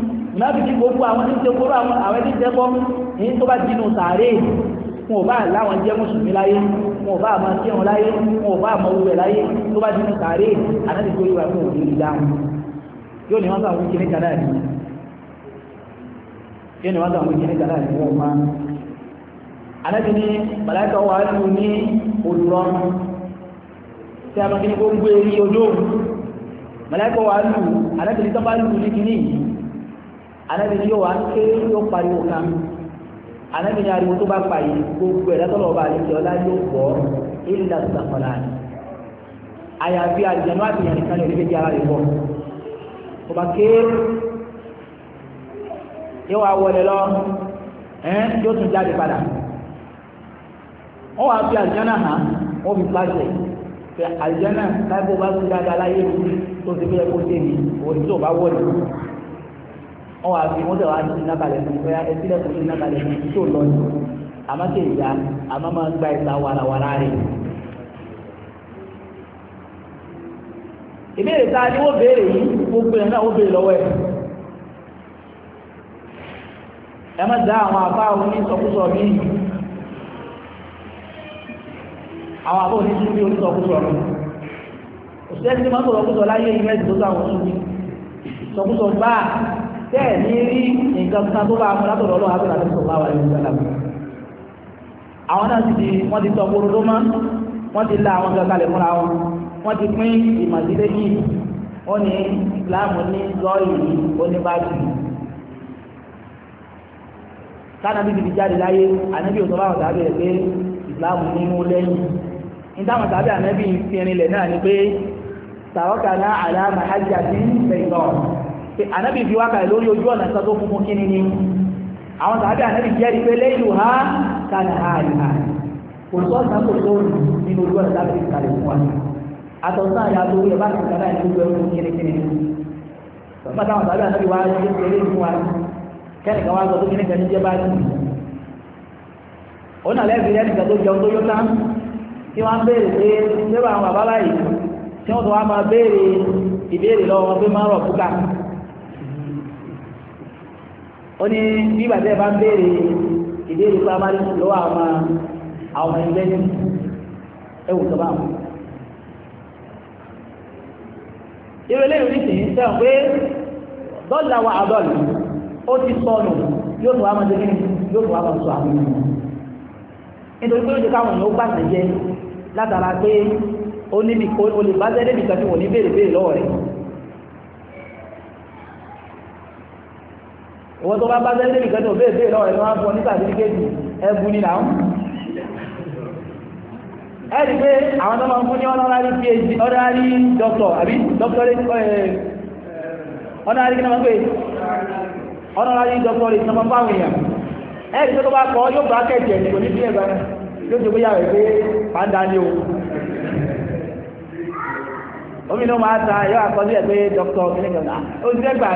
S1: mùnáfíkì gbogbo àwọn tí ń ṣe kóró àwọn àwọn tí ń tẹ́kọ́ ní tó bá jinú sàárè wọn ò bá láwọn jẹ́ mùsùlùmí láyé wọn ò bá àmọ́ sí ẹ̀wọ̀n láyé wọn ò bá àmọ́ wúwẹ̀ láyé tó bá jinú sàárè àdájì tó yíwa fún òní ìdáhùn yóò ní wọ́n sàwọn kìíní kan náà ní yóò ní wọ́n sàwọn kìíní kan náà ní wọ́n máa àdájì ní bàláìka wà lù ní olùrọ̀ tí a máa kí ní kó ń ojú màláìka wà lù àdájì tó bá lù ní kìíní anábì ni yóò wá ké yóò pariwo kan anábì ni ariwo tó bá pa yìí gbogbo ẹ̀dá tó lọ́ọ́ bá àlejò ọlá yóò gbọ́ ilà sàkọlá àyàfi àlùjànnú àtìyàn nìkan ní oníbejì ara rẹ̀ bọ̀ kò bá ké yóò wá wọlé lọ ẹ́n yóò tún jáde padà wọ́n wá fi àlùjànnú hàn wọ́n fi pàṣẹ pé àlùjànnú láìpẹ́ bá tún dáadáa láyé mi tó ti fi ẹ̀kọ́ sí mi òun tó bá wọlé wọ́n wá fi wọ́n tẹ̀ wá ní iná kalẹ̀ fún ìfẹ́ ẹtílẹ̀ kò ní iná kalẹ̀ fún ìfẹ́ tó lọ ní àmọ́ tẹ̀ ìjà àmọ́ máa gba ìta warawara rẹ̀. ìbéèrè ta ni wọ́n béèrè yìí gbogbo ẹ̀ náà wọ́n béèrè lọ́wọ́ ẹ̀. ẹ má dá àwọn àbá òní sọkúsọ mi àwọn àbá òní súnmí òní mi òṣìṣẹ́ ti máa ń sọ̀rọ̀ kúsọ láyé ìmẹ́sì tó sáwọn súnmí sọkúsọ gbáà bẹ́ẹ̀ ní rí nǹkan kan tó bá a mú látọ̀dọ̀ ọlọ́run àti àti sọ̀rọ̀ àwọn ẹ̀yìn sẹ́lẹ̀ àwọn náà ti di wọ́n ti tọ́ kóró tó mọ́ wọ́n ti la àwọn kankan lè múra wọn wọ́n ti pín ìmọ̀sílẹ̀ yìí ó ní Islam ní lọ́ọ̀yì oníbàjì sanabi ti fi jáde láyé anabi ò sọ tàbí rẹ pé Islam nínú lẹ́yìn nítawọn tàbí anabi fi rinlẹ̀ náà ni pé tàwọn náà àlá màhájà sí bẹ́ẹ̀ náà anábì fi wákàlẹ̀ lórí ojú ọ̀nà sọ tó funfun kí ni ni àwọn tàbí anábì jẹ́rí pé lẹ́yìn ha kàlẹ̀ ha ìhà kò sọ ọ̀sán kò tó rù nínú ojú ọ̀nà sábẹ̀ ìkàlẹ̀ fún wa àtọ̀sán àyà tó yẹ bá ti kàlẹ̀ ní ojú ọ̀nà kí ni kí ni bàbá táwọn tàbí é lé fún wa kẹ́nìkan wá sọ tó kí ni tí wọ́n ń béèrè pé ṣé wàá bàbá báyìí tí wọ́n tó wá máa béèrè ìbéèrè lọ́wọ́ pé máa rọ̀ fúkà ó ní bí bàtẹ́ bá ń béèrè ìbéèrè primary school lọ́wọ́ àwọn àwọn ọmọ ẹgbẹ́ ní ẹwù tó bá wọn. irú eléyìí oníṣìí ń sẹ́wọ̀n pé dọ́là wa àdọ́lù ó ti sọnù yóò tó wá máa dégbé yóò tó wá máa sọ àwọn ènìyàn nítorí pé ó ti káwọn èèyàn ó gbàtẹ́ jẹ látara pé ó níbi ó lè bá sẹ́dẹ́bì tí wọ́n ní béèrè béèrè lọ́wọ́ rẹ̀ ìwọ́n tó bá bá tẹ́lẹ̀ lẹ́yìn kẹ́tọ̀ bẹ́ẹ̀ bẹ́ẹ̀ lọ́rẹ̀ ló wá fún ọ ní sàtífíkẹ́tì pé
S2: àwọn tó ń fún ní
S1: honorary phd doctor
S2: omi náà máa ta yóò
S1: àkọsílẹ̀ pé doctor kìnìkan ó ti dẹ́gbàá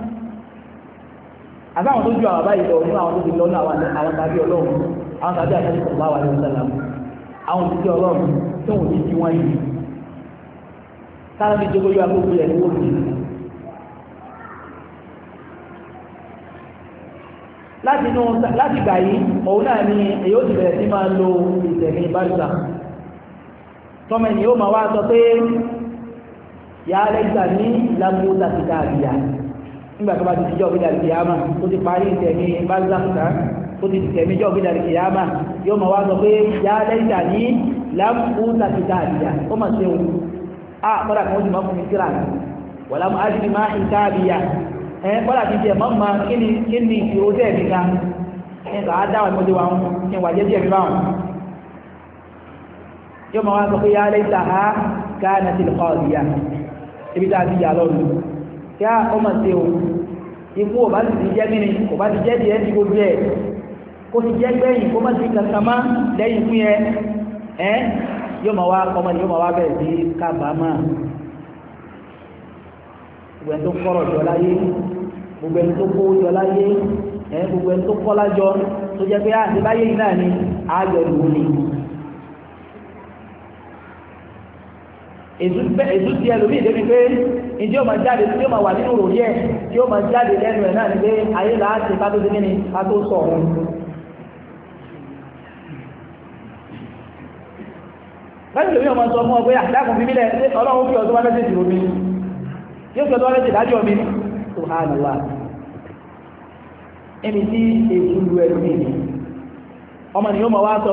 S1: àbáwọn tó ju àwọn báyìí lọ nínú àwọn tó ti lọ ní àwọn tàbí ọlọ́run àwọn tàbí àtàbí ọ̀gbá wa lọ́wọ́ sálà àwọn òṣìṣẹ́ ọlọ́run tó wọ́n ti di wọ́n yìí sálábì jókòó yóò agbóhùn rẹ̀ níwọ̀n mi. láti inú láti gbà yìí òun náà ni èyí ó ti bẹ̀rẹ̀ sí máa lo ìtẹ̀mí bárúkà tọ́mọ ènìyàn ó máa wá sọ pé yàrá ìgbà ní ìlànà ó tàbí dáàbìyà nígbà tó bá ti dijọ́ òbídà kìyàmà ó ti parí ìtẹ̀mí bázàkùtà ó ti tẹ̀mí jọ́ òbídà kìyàmà yóò mọ̀ wá sọ pé yá lẹ́yìn ní láàmú tàkìtà àdìyà ó mà ṣe òun á kọ́dà kan ó sì mọ́ fún mi síra wà láàmú ájúbí má ìta àdìyà ẹ kọ́dà ti jẹ mọ́mọ́ kí ni kí ni ìṣòro tẹ̀ mí ga ẹ kà á dáwà ìmọ̀dé wa ń wà jẹ́ díẹ̀ mi báwọn yóò mọ̀ wá sọ pé yá lẹ́yìn tàhá káà kí a ọmọ ṣe o ikú ò bá sì ti jẹ́ mìíràn kò bá ti jẹ́ díẹ̀ ti gbogbo ẹ̀ kó ti jẹ́ gbẹ̀yìn kó má ti kàkàmá lẹ́yìn fún yẹn ẹ́ yóò máa wá ọmọ yóò máa wá bẹ̀rẹ̀ sí kábàámà gbogbo ẹni tó kọ́rọ̀ jọ láyé gbogbo ẹni tó kó jọ láyé gbogbo ẹni tó kọ́lá jọ tó jẹ́ pé àti báyé náà ni àjọ ìwò èzú ti ẹlòmí ìdébí pé ìdí ó máa jáde tí ó máa wà nínú òòyẹ tí ó máa jáde lẹ́nu ẹ̀ náà ni pé ayé láti bá tó ti nínú bá tó sọ ọ̀hún láti lórí ọmọ sọ fún ọ pé àdákùn fi mílẹ̀ ọlọ́run fi ọdún wá mẹ́sẹ̀jì omi yóò fi ọdún wá mẹ́sẹ̀jì dájọ́ mi tó há nù wá ẹni tí èsù lu ẹlòmí ọmọ ni yóò máa wá sọ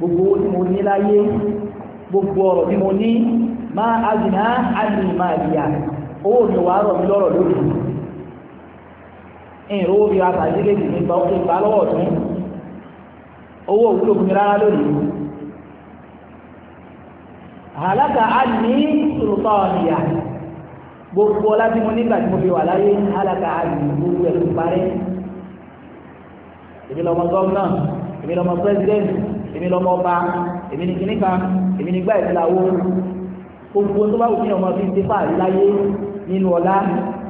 S1: gbogbo owó tí mo ní láyé gbogbo ọ̀rọ̀ tí mo ní máa àgbìnà àmì máa yà owó mi wà rọ̀ mí lọ́rọ̀ lórí ìrò owó mi wà sàdíkèjì mi gba ọkùnrin gbà lọ́wọ́ tún owó òwúlò fún mi rárá lónìí àlága àmì sòròtọ́ ọ̀nìyà gbogbo ọlá tí mo nígbà tí mo fi wà láyé àlága àmì gbogbo ẹ̀ ló parẹ́ gọ́ọ̀nà èmi lọ́mọ èmi lọ́mọ ọba èmi ni kìnnìkan èmi ni gbá ìdíláwó gbogbo tó bá wù kí ọmọ fi ṣe fáàrí láyé nínú ọlá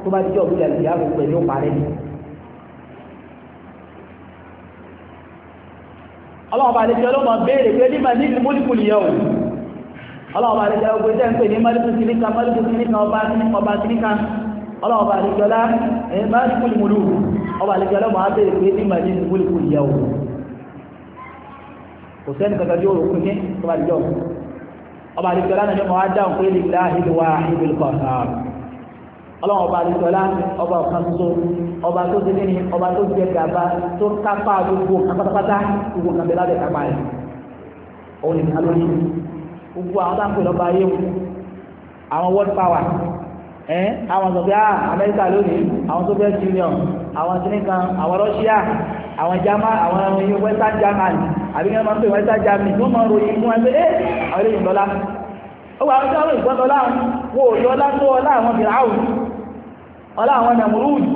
S1: tó bá dijọ́ òbí lẹ́nu ìyá gbogbo ẹ̀mí ó parẹ́ ni. ọlọ́run bá lẹ́jọ́ lọ́mọ béèrè pé nígbà ní mọ́líkùlì yẹn o ọlọ́run bá lẹ́jọ́ gbogbo ẹ̀jẹ̀ ń pè ní mọ́líkù kìnnìkà mọ́líkù kìnnìkà ọba ọba kìnnìkà ọlọ́run bá lẹ́jọ́ lá mọ́líkùlì mọ́lù ọba lẹ́jọ́ lọ́mọ á béèrè pé kò sẹ́ni kankan yóò rò kúnyé tó bá dijọ́ ọba àdìsọ́lá náà ni wọ́n á dáhùn pé lè dá ìlúwa ìbìlì kọ̀ọ̀kan ọlọ́run ọba àdìsọ́lá ọba ọ̀kan tó ọba tó ti níní ọba tó jẹ gàba tó kápá gbogbo kápátápátá gbogbo kan bẹ lábẹ́ kápá rẹ̀ òun ni kálọ́ ní gbogbo àwọn tá à ń pè lọ́ba ayé àwọn world power ẹ̀ àwọn sọ̀fẹ́ ah, amẹ́ríkà lónìí àwọn Soviet Union àwọn sinika àwọn Russia àwọn German àwọn Western Germany àbí kí wọ́n máa ń pè wọ́n ẹ̀ta jami tó máa ròyìn fún ẹgbẹ́ ẹ́ eh, àwọn eléyìí lọ́lá ó wà áwọn táwọn ìgbọ́n lọ́lá wo lọ́lá tó ọlá àwọn fìràwù ọlá àwọn nàmúrúùdù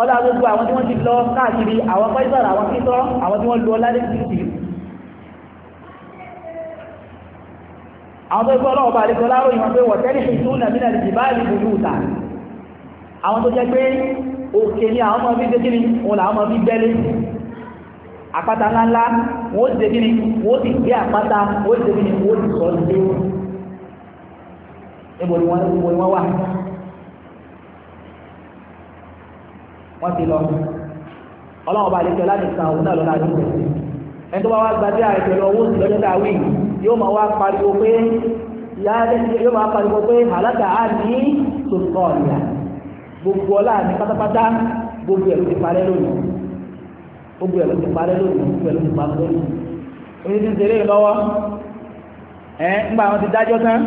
S1: ọlá gbogbo àwọn tí wọ́n ti lọ káàkiri àwọn pẹ́sọ̀rọ̀ àwọn títọ́ àwọn tí wọ́n lu ọlá lẹ́sìkì àwọn tó gbọ́ ọlọ́wọ́ bá lè sọ láròyìn wọn pé wọ̀tẹ́lì ìtún nàmínà lè jìbá lè bùrù ta àwọn àpáta ńláńlá wọ́n ti dégíní wọ́n ti gbé àpáta wọ́n ti dégíní wọ́n ti sọ lé níbo ni wọ́n wà wọ́n ti lọ ọlọ́run ọba àlejò aládùúgbò àwọn náà lọ́la àdúgbò ẹni tó bá wá gbadé àìsàn lọ owó sí lọ́jọ́ dáwì yóò máa wá pariwo pé yóò máa pariwo pé àlàkà á ní tòkọ̀ gbogbo ọlá ní pátápátá gbogbo ẹ̀rù ti parẹ́ lónìí gbogbo ẹ̀ ló ti parẹ́ lónìí gbogbo ẹ̀ ló ti parẹ́ lónìí oye ti ń tẹ̀lé lọ́wọ́ ẹ̀ ńgbà àwọn ti dájọ́ tán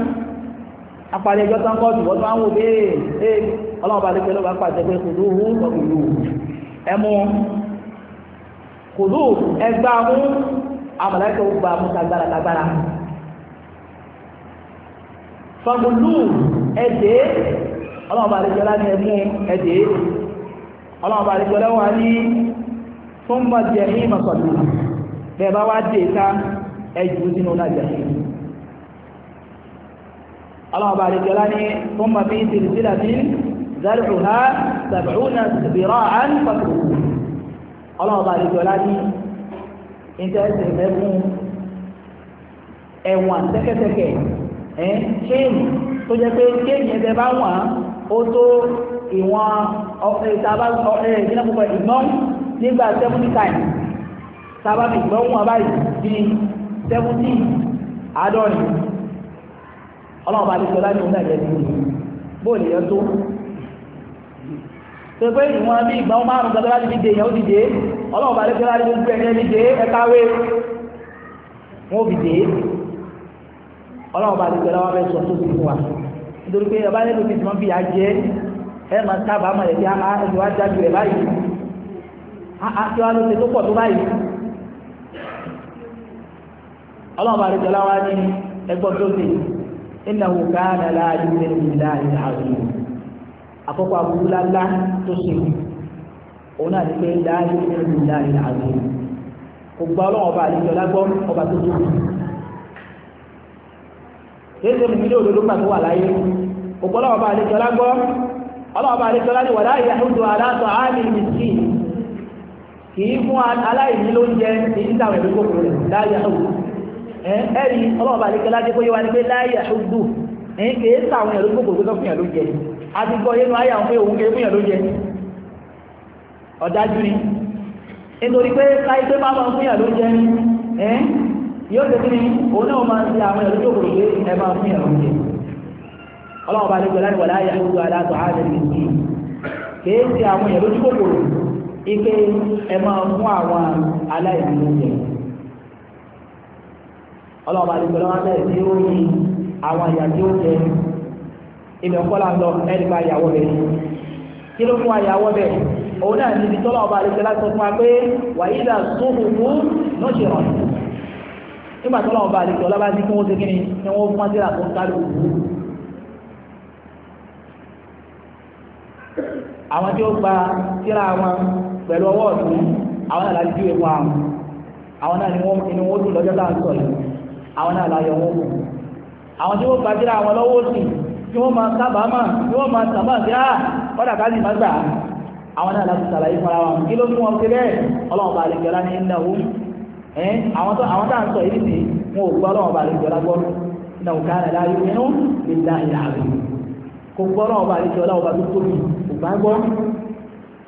S1: apàdé ẹjọ́ tán kọ́ọ̀tù wọ́n tán wò bẹ́ẹ̀ ẹ̀ ọlọ́run bá lè pẹ́ lọ́wọ́ apàdé pé kò lóhu ọ̀gbìn lóhu ẹ mú kò lóhu ẹ gbá mú àmàlẹ́kẹ̀ ó gbá mú tagbára tagbára fagolú ẹ̀dẹ́ ọlọ́run bá lè jọlá ní ẹmú ẹ̀dẹ́ ọlọ́run bá lè jọlá wà ní fún mọ̀ jẹ́ ní ìmọ̀sọ̀lù bẹ́ẹ̀ bá wá dé ta ẹjù sínú náà jẹ́ ní ọlọ́ọ̀bà àdìjọlá ní fún mọ̀ bí sìlìsílà bí zar'uha sab'una zira'an fatruku ọlọ́ọ̀bà àdìjọlá ní ìtẹ́sẹ̀ mẹ́fún ẹ̀wọ̀n tẹ́kẹ́tẹ́kẹ́ ẹ̀ ṣéèmù tó jẹ́ pé ṣéèmù ẹ̀dẹ̀ bá wọ̀n ó tó ìwọ̀n ọ̀fẹ́ ìtàbá ọ̀fẹ́ ìgbìnàpọ̀ ìgbọ́n nígbà seventy times sábàbí gbọ́hùn àbáyé di seventy àádọ́rin ọlọ́ọ̀bá àlejò láti ọ̀dà ìjẹ́ ti bóòlù yẹn tó ṣe pé ìwọ̀n bí ìgbà wọn márùn-ún gbọdọ̀ láti fi dè yẹn ó dìde ọlọ́ọ̀bá àlejò láti gbogbo ẹ̀yẹ́ fi dè ẹ̀káwé wọn ò fi dè ọlọ́ọ̀bá àlejò láwọn fẹ́ tó ti fún wa nítorí pé ọba nílùú fi ti mọ́ bí i ajẹ́ ẹ̀ máa sábà máa yẹ kí á ẹ̀jọ̀ wá dájú ẹ̀ báyìí àti wá ló ṣe tó pọ̀ tó báyìí ọlọ́run bá rí jọlá wá ní ẹgbọ́n tó ṣe innahu kana la yu'minu billahi al-azim àkọ́kọ́ aburú lálá tó ṣe òun náà ní pé la yu'minu billahi al-azim kò gba ọlọ́run ọba àlejò lágbọ́ ọba tó tó kù lẹ́yìn tó ní òdodo pàtó wà láyé kò gba ọlọ́run ọba àlejò lágbọ́ ọlọ́run ọba àlejò lá kìí fún aláìní ló ń jẹ èyí tí àwọn ẹ̀rí kòkòrò láyà ó ẹ̀rí ọlọ́ọ̀bà ní pé láyà ó sàwọn tó ló jẹ a yẹnu ayà pé òun kìí ló jẹ ọ̀dájú ni nítorí pé láì pé má máa fún ló jẹ yóò ṣe kí ni òun náà máa ń ṣe àwọn pé ẹ máa ló jẹ ọlọ́ọ̀bà ike ẹ máa mú àwọn aláìníyẹ ọlọ́ọ̀bà àdìgbò lọ́wọ́ bẹ́ẹ̀ tí ó yin àwọn àyà tí ó jẹ ibẹ̀ kọ́lá lọ ẹnìpa àyàwó bẹ̀ kí ló fún àyàwó bẹ̀ òun náà ní ibi tọ́lọ́ọ̀bà àdìgbò láti sọ fún wa pé wàyí là sóhùnkú ló ṣe rọ̀ nígbà tọ́lọ́ọ̀bà àdìgbò lọ́ba ní kí wọ́n ṣe kí ni kí wọ́n fún àtìlà tó ń kálukú àwọn tí ó gba síra wọn pẹ̀lú ọwọ́ ọ̀tún àwọn náà láti jíwèé fún àwọn àwọn náà ni wọ́n inú wọn dùn lọ́jọ́ táà ń sọ yìí àwọn náà láyọ̀ wọn kù àwọn tí wọ́n gbajúra àwọn lọ́wọ́ òsì tí wọ́n máa sábàámà tí wọ́n máa sábà sí à ah, kọ́dà ká sì má gbà àwọn náà láti sàlàyé fún ara wọn kí ló mú wọn ṣe bẹ́ẹ̀ ọlọ́run bá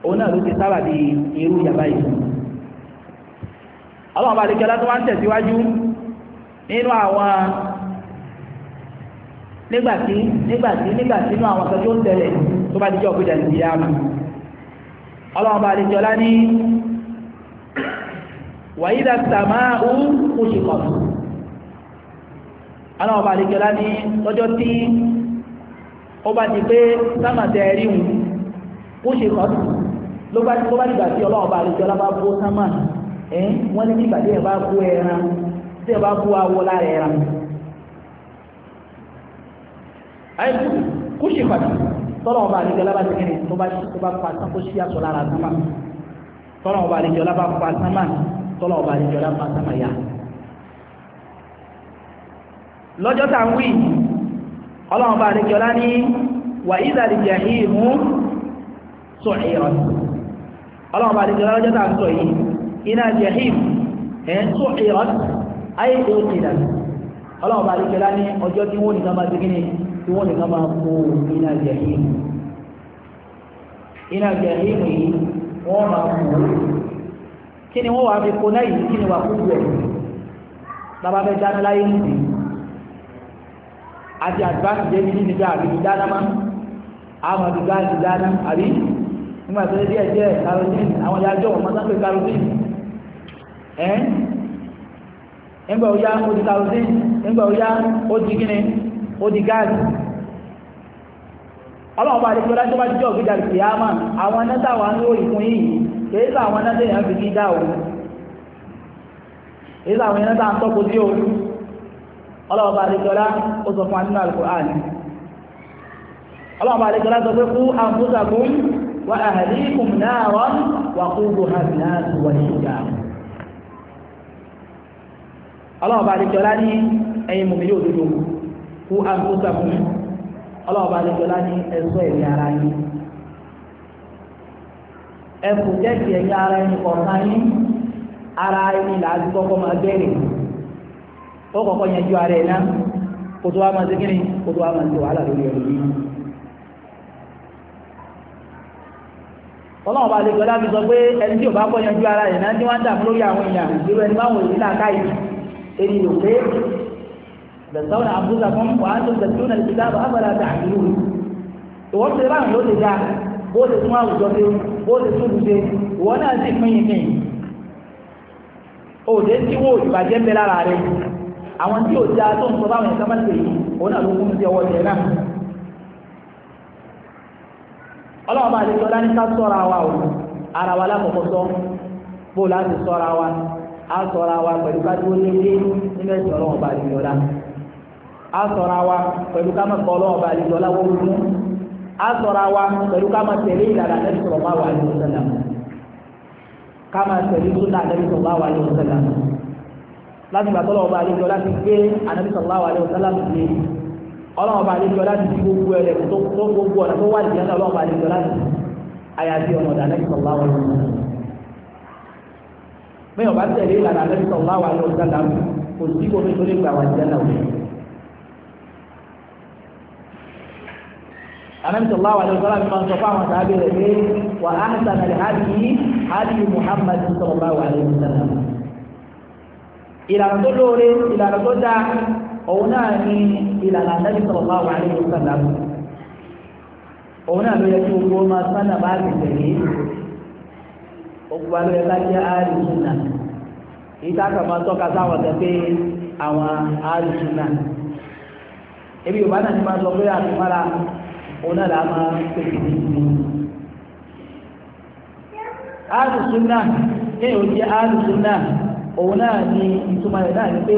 S1: òun náà ló ti sábà di irú ìyàbá yìí ọlọ́run bá dikẹ́ látọ́ wá ń tẹ̀síwájú nínú àwọn nígbàtí nígbàtí nígbàtí nínú àwọn sọ́jọ́ ń tẹ̀lẹ̀ tó bá dijọ́ òkúta ìdíyàmù ọlọ́run bá dikẹ́ ọlá ní wàyídà sàmáhù kùsìkọ̀ ọlọ́run bá dikẹ́ ọlá ní lọ́jọ́ tí ó bá di pé sámàtẹ̀ ríhùn kùsìkọ̀ ló bá tó bá dìgbà tí ọlọ́run bá àlejò ọlá bá bó sánmà ẹ̀ wọ́n ní dìgbà tí ẹ̀ bá bó ẹran tí ẹ̀ bá bó awọ lára ẹran. ayé kú ṣe pàtó tọ́lọ́run bá àlejò ọlá bá ti kiri tó bá tó bá pa sánmà kó aṣọ lára sánmà tọ́lọ́run bá àlejò ọlá bá pa sánmà tọ́lọ́run bá àlejò ọlá pa sánmà yá. lọ́jọ́ tá à ń wí ọlọ́run àlejò ọlá ní wàyí ìdàlìjà yìí mú sọ ọlọ́run bá dìjọ lọ́jọ́ tàà ń sọ yìí iná jahim ẹ̀ tó ìrọ́t ayé tó ti dà ọlọ́run bá dìjọ lá ní ọjọ́ tí wọ́n nìkan bá ti gíní tí wọ́n nìkan bá kó iná jahim iná jahim yìí wọ́n máa kú kí ni wọ́n wà fi kó náà kí ni wà kú bẹ̀ bàbá fẹ́ dáná láyé nìyí àti advance david nígbà àbí dáná má àmọ́ àbí gáàsì dáná àbí nígbà tó díẹ̀ díẹ̀ caroline àwọn ìyá jọ̀wọ́ máa sápé caroline ẹ́ nígbà ó yá ó di caroline nígbà ó yá ó di kíni ó di gáàsì ọlọ́run bá adékọ́lá tó bá jíjọ́ ògbéjà lè fìyà mà àwọn anátà wà ń lórí fún sọ àwọn fi o sọ àwọn sí o ọlọ́run bá ó sọ fún àlùkò àná ọlọ́run bá sọ pé fún وأهليكم نارا وقودها الناس والحجار الله بارك لنا أي مؤمن يوجد هو أنفسكم الله بارك لنا الصير يا رأي ẹkùnjẹ tiẹ ní ara ẹni kọ̀ọ̀kan yín ara ẹni làásì kọ́kọ́ máa ó yẹn ju ara ẹ náà kótó wa máa ṣe kíni máa ṣe wàhálà lórí ọlọ́run bá lè gbọ́dá fi sọ pé ẹni tí ò bá yanjú ara rẹ̀ náà tí wọ́n ń dààmú lórí àwọn èèyàn ìgbéró ẹni báwọn èyí là káyì èyí ò pé bẹ̀sán àbúrò fún wa tó tẹ̀sí ọ̀nà ìgbésà bá bàrà tà àdúró ìwọ́n ti báwọn ló ti dá bó ti tún àwùjọ ṣe bó ti tún ṣe ìwọ́n náà sì pín yìí pín òde tí wò ìbàjẹ́ ń bẹ lára rẹ̀ àwọn tí ò ọlọ́ọ̀bá àdéjọ láti ká sọ́ra wa o ara wa lákòókò sọ bó láti sọ́ra wa á sọ́ra wa pẹ̀lú ká dúró léde nínú ẹ̀sìn ọlọ́ọ̀bá àdéjọ lá á sọ́ra wa pẹ̀lú ká máa kọ́ ọlọ́ọ̀bá àdéjọ lá wọ́n mú á sọ́ra wa pẹ̀lú ká máa tẹ̀lé ìlànà Ànábì sallallahu alaihi wasallam ká máa tẹ̀lé súnà Ànábì sallallahu alaihi wasallam láti gbàtọ́lọ́ọ̀bá àdéjọ láti gbé Ànábì sallallahu alaihi wasallam ọlọ́run bá àlejò láti fi gbogbo ẹ̀rẹ̀ tó gbogbo ọ̀nà tó wà lè jẹ́ ọlọ́run bá àlejò láti àyàfi ọ̀nà ọ̀dà lẹ́yìn sọ̀rọ̀ láwọn ọ̀nà mẹ́yàn bá tẹ̀lé ìlànà lẹ́yìn sọ̀rọ̀ láwọn ọ̀nà ọ̀dà làwọn kò sí kò ní torí gbà wà jẹ́ náà anabi sallallahu alaihi wasallam máa ń sọ fáwọn sábẹ́ rẹ̀ pé wà á sàn ìlànà tó lóore ìlànà tó dáa òun náà ní ìlànà àtẹ́bí sọ̀rọ̀ bá wà ní ìsàlá òun náà ló yẹ kí gbogbo máa sánà bá ti tẹ̀lé gbogbo alóyè ká jẹ́ àrísùnà ìta kà máa tọ́ka sáwọn ọ̀tẹ̀ pé àwọn àrísùnà ebi yorùbá náà ti máa sọ pé àtúmọ́ra òun náà làá máa pèsè ní ìlú àrísùnà kéèyàn jẹ́ àrísùnà òun náà ní ìtumọ̀ rẹ̀ náà ní pé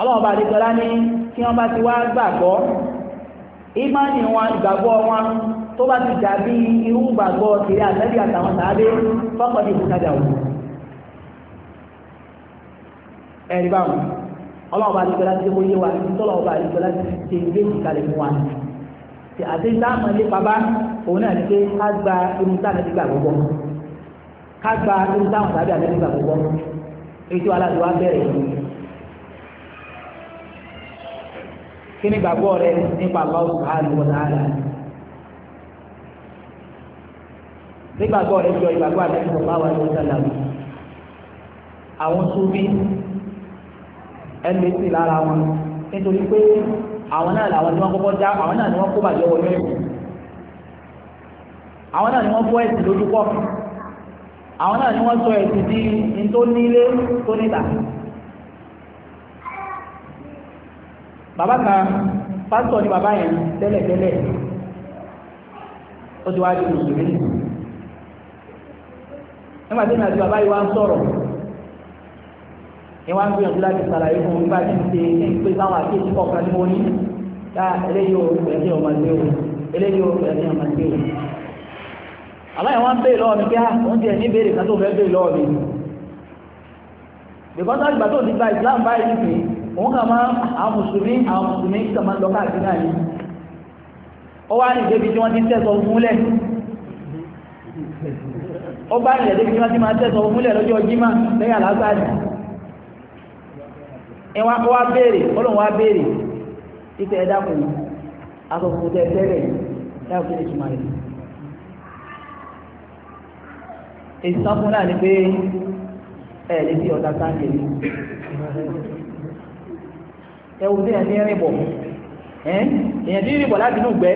S1: ọlọ́run bá àdéjọ́lá ní kí wọ́n bá ti wá gbàgbọ́ ìmánì wọn ìgbàgbọ́ wọn tó bá ti dàbí irú gbàgbọ́ tèrè àtẹ́bí àtàwọn tàbí fọ́pọ̀ ní ìbùkájà wọn ẹ̀rí báwọn ọlọ́run bá àdéjọ́lá ti kó yé wa tọ́lọ́run bá àdéjọ́lá ti ṣe ilé ìkàlẹ̀ fún wa ti àti dáàmú ilé pàbá òun náà ní pé ká gba irun táwọn ti gbàgbọ́ ká gba irun táwọn tàbí àtẹ́bí gbàgbọ́ kí ni gbàgbọ́ rẹ nípa Allah subhanahu wa ta'ala nígbàgbọ́ rẹ jọ ìgbàgbọ́ àti sallallahu alaihi wasallam àwọn súnmí ẹnu sí lára wọn nítorí pé àwọn náà làwọn tí wọ́n kọ́kọ́ dá àwọn náà ni wọ́n kó bàjẹ́ wọlé ẹ̀kọ́ àwọn náà ni wọ́n bọ́ ẹ̀sìn lójú pọ̀ àwọn náà ni wọ́n sọ ẹ̀sìn di ní tó tó níta bàbá kan pásítọ̀ ni bàbá yẹn tẹ́lẹ̀tẹ́lẹ̀ ó ti wá di mùsùlùmí nígbà tí nàìjíríà bàbá yìí wá ń sọ̀rọ̀ ni wá ń gbìyànjú láti sàlàyé fún un nígbà tí ń ṣe ní pé báwọn àkéèsí kọ̀ọ̀kan ní mo ní ká eléyìí ò ẹ̀sìn ọmọ ìgbé o eléyìí ò ẹ̀sìn ọmọ ìgbé o aláyẹ̀ wọ́n ń bèèrè lọ́wọ́ mi kí á oúnjẹ ní bèèrè kan tó fẹ́ bèèrè lọ́wọ́ mi ìgbà tó ti gba ìsìlámù báyìí nìkan òun kà máa àwọn mùsùlùmí àwọn mùsùlùmí kà máa lọ́kà àti náà ni ó wá ní ìdébi tí wọ́n ti tẹ̀sọ̀ múlẹ̀
S2: ó bá ní ìdébi tí wọ́n ti máa tẹ̀sọ̀ múlẹ̀ lọ́jọ́ jímà lẹ́yìn àlásàdì
S1: ìwà kó wá béèrè ọlọ́run wá béèrè tẹ́lẹ̀ kí ni tùmọ̀ rẹ̀ náà ni pé ọ̀dà sáńkì ẹwù tí èèyàn ti rìn bọ̀ èèyàn ti rìn bọ̀ láti inú gbẹ́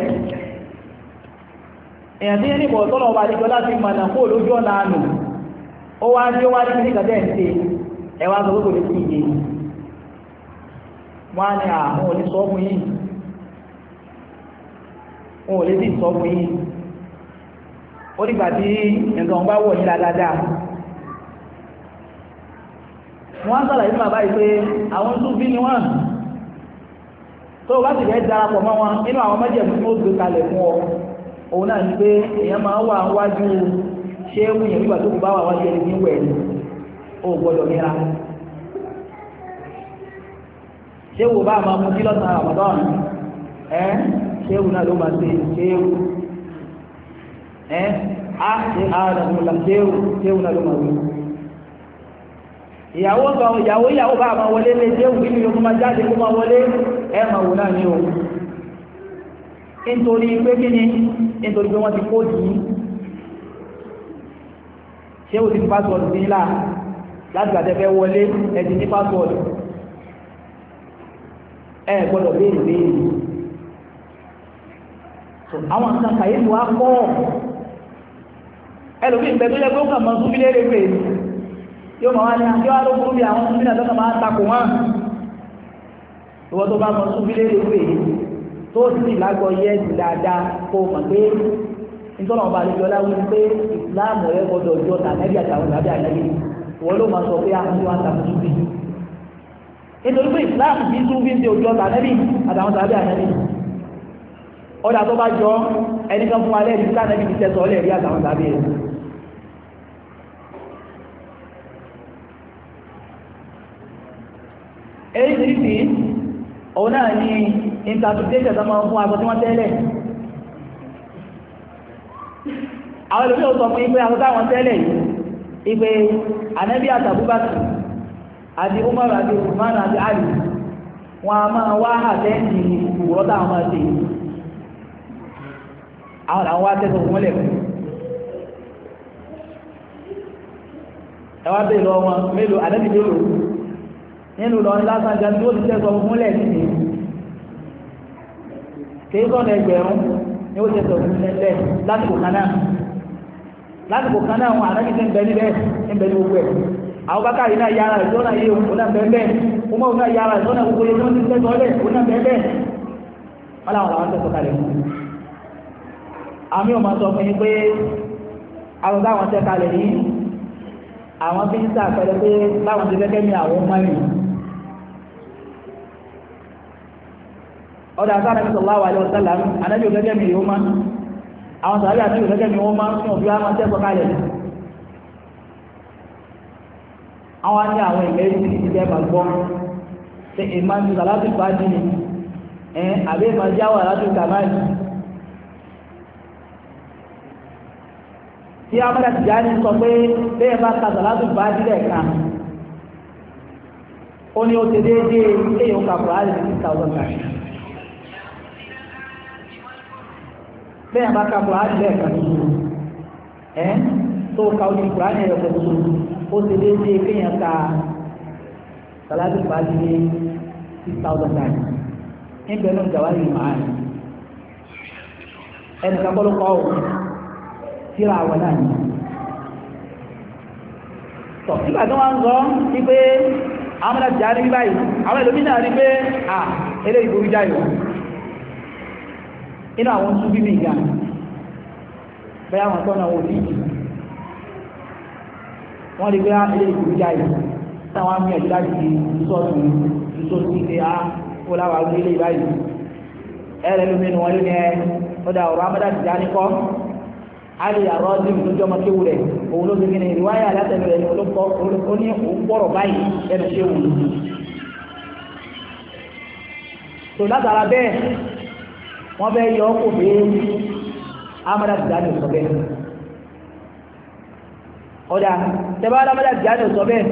S1: èèyàn ti rìn bọ̀ tọ́lọ̀ ọba àdéjọ láti mọ̀nà kó lójú ọ̀nà àánú ó wá ní ó wá ní kíní kan tẹ́ ń ṣe ẹ wá sọ pé kò lè wọn á ní àwọn òní yìí wọn ò lè sì sọ yìí ó dìgbà tí nǹkan bá wọ̀ yín dáadáa wọ́n á sọ̀rọ̀ yìí bàbá yìí pé àwọn tún bí ni wọ́n tó bá sì fẹ́ darapọ̀ mọ́ wọn inú àwọn mẹ́jẹ̀mú tó gbé kalẹ̀ fún ọ òun náà ní pé èèyàn máa wà wájú ṣé wù yẹn nígbà tó kù bá wà wájú ẹni ní wẹ̀ẹ́ni ó gbọ́dọ̀ nira ṣé wò bá máa mú kí lọ́sàn-án Ramadan ẹ́ ṣé wù náà ló máa ṣe ṣé wù
S3: ẹ́ á
S1: ṣe ààrẹ ọ̀la ṣé wù náà ló máa wù ìyàwó gan ìyàwó ìyàwó bá máa wọlé lé jẹ́ òbí nìyó máa jáde kó máa wọlé ẹ máa wò náà ní o nítorí pé kí ni nítorí pé wọ́n ti kó dì í ṣé o ti ní pásọ̀dù sí nílà láti gbàtẹ́fẹ́ wọlé ẹ ti ní pásọ̀dù ẹ gbọ́dọ̀ béèrè béèrè àwọn nǹkan kàyéfì wa pọ̀ ẹlòmíì ń bẹ tó yẹ kó kà máa súnmí lérè pé tí ó máa wá ní àti wá ló burú bí àwọn súnmí náà tọ́ka máa takò wọn ìwọ́n tó bá mọ súnmí lérí pé tó sì lágbọ́ yẹ́sì dáadáa kó mọ̀ pé nítorí àwọn balẹ̀ ìjọba wí pé ìsìláàmù rẹ gbọdọ̀ jọ tàbí àtàwọn tàbí àlẹ́ ìwọ́n ló máa sọ pé àwọn tí wọ́n takò súnmí nítorí pé ìsìláàmù ti súnmí ti òjọ tàbí àtàwọn tàbí àlẹ́ ọ̀dà tó bá jọ ẹnìkan fún alẹ́ ìdílé àtàwọn tàbí acc òun náà ni interpretation tó máa fún aṣọ wọ́n tẹ́lẹ̀ àwọn ìlú yóò sọ fún ipe aṣọ táwọn tẹ́lẹ̀ yìí ipe anabi àti umar àti àti ali wọn a máa wá àtẹ́ǹdì ìwúrọ́ táwọn máa ṣe àwọn àwọn atẹ́sọ̀ ẹ wá bẹ́ẹ̀ lọ wọn mélòó anabi mélòó nínú lọrin lásán ga tí ó ti tẹ́sọ múlẹ̀ níbi kéésọ̀nù ẹgbẹ̀rún ni ó tẹ́sọ múlẹ̀ lásìkò kan náà lásìkò kan náà wọn àdájú ń bẹ níbẹ̀ ń bẹ ní gbogbo ẹ̀ àwọn bákàrí náà yára rẹ̀ sọ́nà yé òun náà bẹ́ẹ̀ bẹ́ẹ̀ ó mọ̀ náà yára rẹ̀ sọ́nà gbogbo yẹn tó ń tẹ́sọ ọlẹ̀ òun náà bẹ́ẹ̀ bẹ́ẹ̀ wọn làwọn làwọn tẹ́sọ kalẹ̀ mú àmì ò máa sọ fún yín pé àwọn táwọn tẹ́ kalẹ̀ yìí àwọn pé báwọn ti fẹ́ kẹ́mi àwọn ọmọ yìí ọdá sáà nàbí sallallahu alaihi wasallam anábì ògẹ́gẹ́ mi yóò má àwọn sàárì àti ògẹ́gẹ́ mi wọ́n má fún òfin wa máa tẹ́sọ̀ kalẹ̀ àwọn á ní àwọn ìlẹ́ ìsìn ìdíjẹ́ bá gbọ́ ṣe ìmá ní sàlátì bá dì ní ẹ̀ àbí ìmá jẹ́ àwọn àlátì kàmáàlì tí a mọ́ra tìjà ní sọ pé bẹ́ẹ̀ bá ka sàlátì bá dì lẹ̀ ó ní ó ti déédéé kéèyàn kà fún ní sàlátì bẹ́ẹ̀ bá ka kùránì lẹ́ẹ̀kan tuntun ẹ́ tó ka ojú kùránì ẹ̀yọ̀kọ̀ tuntun ó ti dé dé kéèyàn ka salatu fàájì ní six thousand nine níbẹ̀ ló ń jà wáyé màá ní ẹnì kan kọ́ló kọ́ ọ́ síra àwọn náà ní. tọ́ nígbà tí wọ́n ń sọ wípé àwọn ọmọdé jà ní báyìí àwọn ẹlòmínà rí pé à eléyìí burú jáyọ̀ inú àwọn tún bí mi gan bẹ́ẹ̀ àwọn tọ́nà wò ní ìdí wọ́n lè ah, gbé ilé ìlú jáde táwọn amí ẹ̀jú láti di ìsọ́tún ìsọ́tún ìdè á kó láwà ní ilé ìbáyìí ẹ̀rẹ́ lómi ni wọ́n lé ní ẹ ọ̀dà ọ̀rọ̀ amọ́dá ti já ní kọ́ ali àrọ́ ní ìdójọ́ ọmọ kéwù rẹ̀ òun ló ti gbìn ìrìn wáyà látẹ̀lẹ̀ rẹ̀ ní òun gbọ́rọ̀ báyìí ẹnu ṣé wù. tò wọ́n fẹ́ yọ ọkọ̀ pé amada bìdáni sọ bẹ́ẹ̀ ọ̀dà tẹ́bá amada bìdáni sọ bẹ́ẹ̀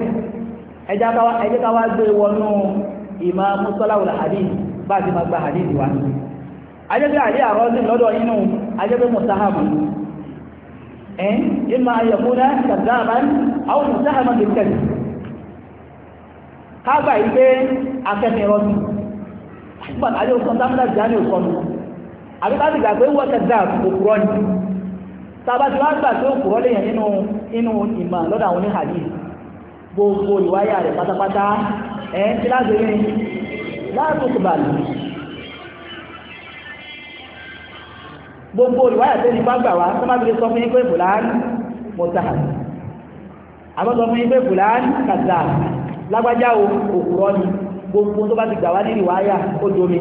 S1: ẹjẹ́ ká wá gbé wọnú ìmọ̀ mùsọ́láwò hadith bá ti máa gba hadith wa ajẹ́gbẹ́ àdí àrọ́ sí lọ́dọ̀ inú ajẹ́gbẹ́ mùsáhàmù ẹ́n ìmọ̀ ayọ̀kúnná kàzáàmán àwọn mùsáhàmù ti tẹ̀lé ká gbà yí pé akẹ́kẹ̀ẹ́ rọ́ọ̀tù àbí ká sì gbà pé wọ́n tẹ̀dá òkúrọ́ ni tàbá ti wá gbà pé òkúrọ́ lè yàn nínú inú ìmọ̀ lọ́dọ̀ àwọn oníhàdí gbogbo ìwáyà rẹ̀ pátápátá ẹ̀ ń tí láti rí látòkùbàlù gbogbo ìwáyà tẹ́lẹ̀ bá gbà wá tó má fi lè sọ fún yín pé fùlàní mọ̀tàhàdì àbọ́sọ fún yín pé fùlàní kàdà lágbájá òkúrọ́ ni gbogbo tó bá ti gbà wá ní ìwáyà ó domi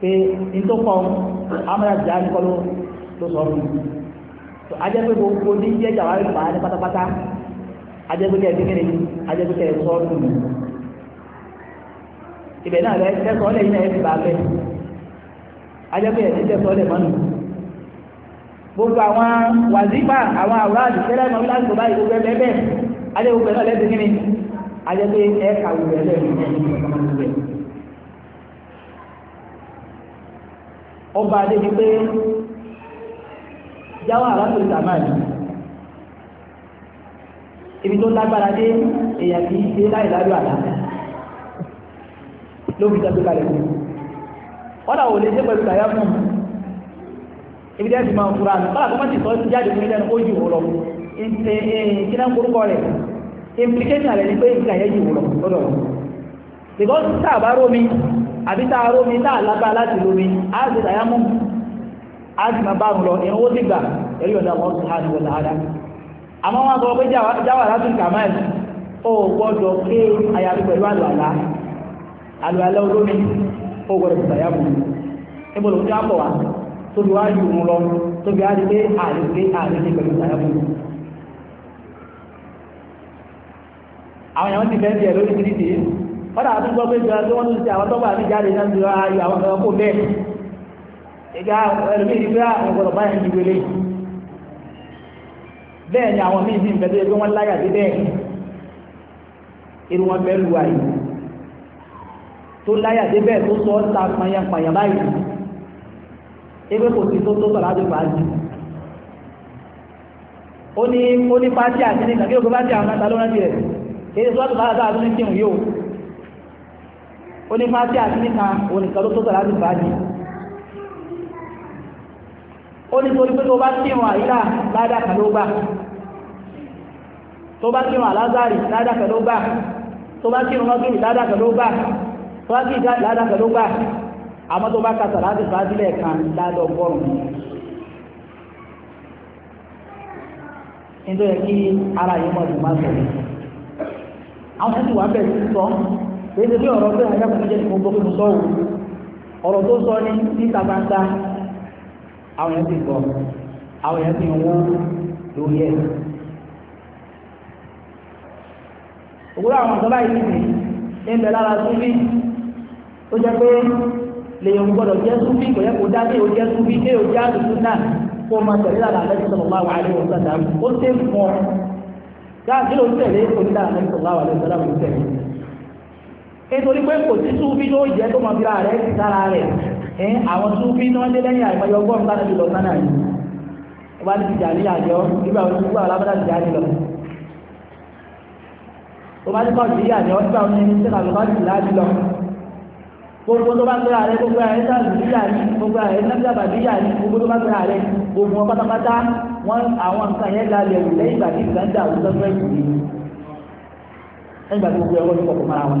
S1: pé ní tó kọ́ amúnájà ní kọ́ ló sọ fún mi ajẹ́ pé gbogbo ní jẹ́ jàwárí pa ní pátápátá ajẹ́ pé kẹ́ẹ̀ẹ́ kékeré ajẹ́ pé sọ fún mi ibẹ̀ náà rẹ̀ tẹ́sọ̀ lẹ̀ yìí fẹ́ ajẹ́ pé mọ́nu gbogbo àwọn wàzífà àwọn àwòrán gbogbo ẹgbẹ́ bẹ́ẹ̀ ajẹ́ gbogbo náà ajẹ́ pé ọba adé ni pé jáwọ́ àràtò ìsàmáàlì ibi tó lágbára dé èèyàn kì í ṣe láì lájọ àlá ló fi tẹ́tù kalẹ̀ fún wọ́n làwọn olè ṣe pẹ̀lú ìtàyà fún ibi tẹ́tù máa ń fura nù kọ́lá kọ́mọ́ ti sọ ti jáde fún ilẹ̀ ó jù wọ́n lọ kí náà korúkọ rẹ̀ implication rẹ̀ ni pé ìgbà yẹn jù wọ́n lọ lọ́dọ̀ wọn because sáà bá rómi àbí tá a rómi tá a lágbá láti lómi á sì tàyá mú á sì máa bá lọ ìrún ó sì gbà ẹ̀rí ọ̀dà wọn sì hàn wọ̀ láàdá àmọ́ wọn sọ pé jáwà látún kàmáì ó gbọ́dọ̀ ké àyàfi pẹ̀lú àlùalá àlùalá olómi ó gbọ́dọ̀ sì tàyá mú níbo ló ń já pọ̀ wá tóbi wá ju òun lọ tóbi á di pé àlùké àlùké pẹ̀lú tàyá mú àwọn èèyàn ti fẹ́ bí ẹ̀ lórí títí kọ́dà àdúgbò pé jọ tí wọ́n tún ti àwọn tọ́gbà mi jáde náà ti ayọ̀ àwọn kan kó bẹ́ẹ̀ ìgbà ẹlòmíì ti fẹ́ àwọn gbọ́dọ̀ báyà ní wele bẹ́ẹ̀ ni àwọn míì sì ń bẹ̀rẹ̀ pé wọ́n láyà sí bẹ́ẹ̀ irú wọn bẹ́ẹ̀ lu àyè tó láyà sí bẹ́ẹ̀ tó sọ ta pàyàpàyà báyìí ebe kò sí tó tó sọ̀rọ̀ àti fàájì ó ní ó ní pátí àti ní ìgbà kí ló kó pátí àwọn mẹ́ta ló rántí rẹ̀ kí ló sọ́ọ́tù bá ó ní fásitì àti níta òníkan ló tó sọ̀rọ̀ láti bá ní ó ní torí pé tó bá kírun àyílà ládàá kan ló gbà tó bá kírun àlázàrì ládàá kan ló gbà tó bá kírun lọ́gìrì ládàá kan ló gbà tó bá kírun ládàá kan ló gbà àmọ́ tó bá kàtà láti bá sílẹ̀ kan ládàá nítorí kí ara yìí mọ̀ ọ̀dùn máa sọ̀rọ̀ àwọn ẹni wà bẹ̀rẹ̀ sọ èyí tí ọ̀rọ̀ pé àyàkùn jẹ́ ìfún gbogbo sọ́wọ́ ọ̀rọ̀ tó sọ ní níta gbangba àwọn èèyàn ti gbọ́ àwọn èèyàn ti wọ́n lórí ẹ̀ òwúrọ̀ àwọn ọ̀sán báyìí nìyí ń bẹ lára súnfí ó jẹ́ pé lèyìn gbọ́dọ̀ jẹ́ súnfí kò yẹ kó dá sí òjẹ́ súnfí dé òjẹ́ àdùsùn náà kó máa tẹ̀lé lára àlẹ́sìn sọ̀rọ̀ wà ní òun sàdá ó tẹ̀ fún ọ dáàbí ló ń tẹ̀lé òjẹ́ àlẹ́sìn sọ̀rọ̀ wà ní òun sàdá nítorí pé kò sí súnfí tó jẹ́ tó mọ̀ bíra rẹ̀ sí sára rẹ̀ ẹ́ àwọn súnfí tó ń dé lẹ́yìn àìmọye ọgbọ́n bá ti lọ sánà yìí wá ní ìjà ní àjọ nígbà wọn nígbà wọn lábẹ́dá ìjà ní lọ tó bá ti kọ́ sí àjọ nígbà wọn ní sẹ́ka ló bá ti là ní lọ gbogbo tó bá gbéra rẹ gbogbo ààrẹ sábàbíyà ní gbogbo ààrẹ sábàbíyà ní gbogbo tó bá gbéra rẹ gbogbo wọn pátápátá wọn àwọn nǹkan yẹn lálẹ́ òun lẹ́yìn ìgbà tí ìgbà ń dà òun tó fẹ́ kù ní ẹgbàá gbogbo ẹ̀rọ ti kọ̀ọ̀kan mara wọn.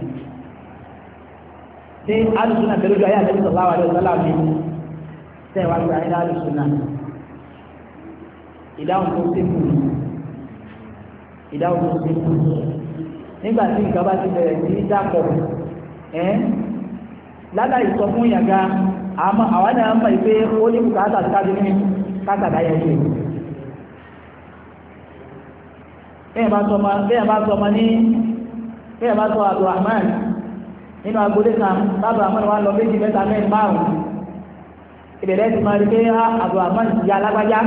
S1: ṣé alùsùnà pẹ̀lú ojú ayé àtẹ́lẹ́ sọ̀lá wà lọ́sọ̀ láàmì tẹ́ wá gba ẹ̀rọ alùsùnà ìdáhùn tó ṣẹ́kù ìdáhùn tó ṣẹ́kù nígbà tí nǹkan bá ti bẹ̀rẹ̀ sí í dàpọ̀ ẹ́ lálá ìsọ fún yàgá àwọn náà mọ̀ pé ó ní bùkátà sáájú ní kátàdá yẹn ṣe bẹ́ẹ̀ bá sọ ma ní bẹ́ẹ̀ bá sọ Abdulrahman nínú agbolé kan bábà àmọ́ ìwà lọ méjì mẹ́ta mẹ́rin márùn-ún ìbẹ̀rẹ̀ ti máa rí pé ah, abdulhamman ìyá alágbájá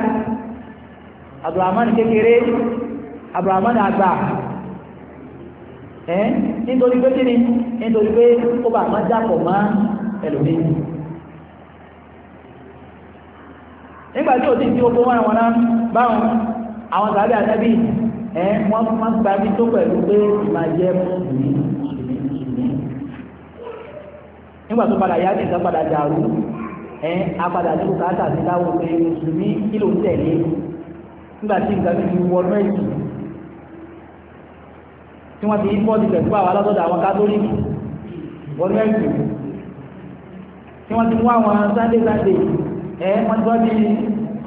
S1: abdulhamman kékeré abdulhamman àgbà ẹ̀ nítorí pé kíni nítorí pé ó bá àmọ́ jápọ̀ mọ́ ẹlòmíì nígbà tí òtí tí ó kó wọn àwọn náà báwọn àwọn tàbí àtẹ́bí ẹ̀ wọ́n máa gba ibi tó pẹ̀lú pé ìmàjẹ́ mú ìlú nígbà tó padà yá ní ìta padà dàrú ẹ apadà ní bùkátà sí láwọn pé mùsùlùmí kí ló ń tẹ̀lé nígbà tí nǹkan ti wọ mẹ́tì tí wọ́n ti yí pọ́ọ̀tì pẹ̀lú àwọn alátọ́dọ̀ àwọn kátólíkì wọ mẹ́tì tí wọ́n ti mú àwọn sunday sunday ẹ wọ́n ti wá bí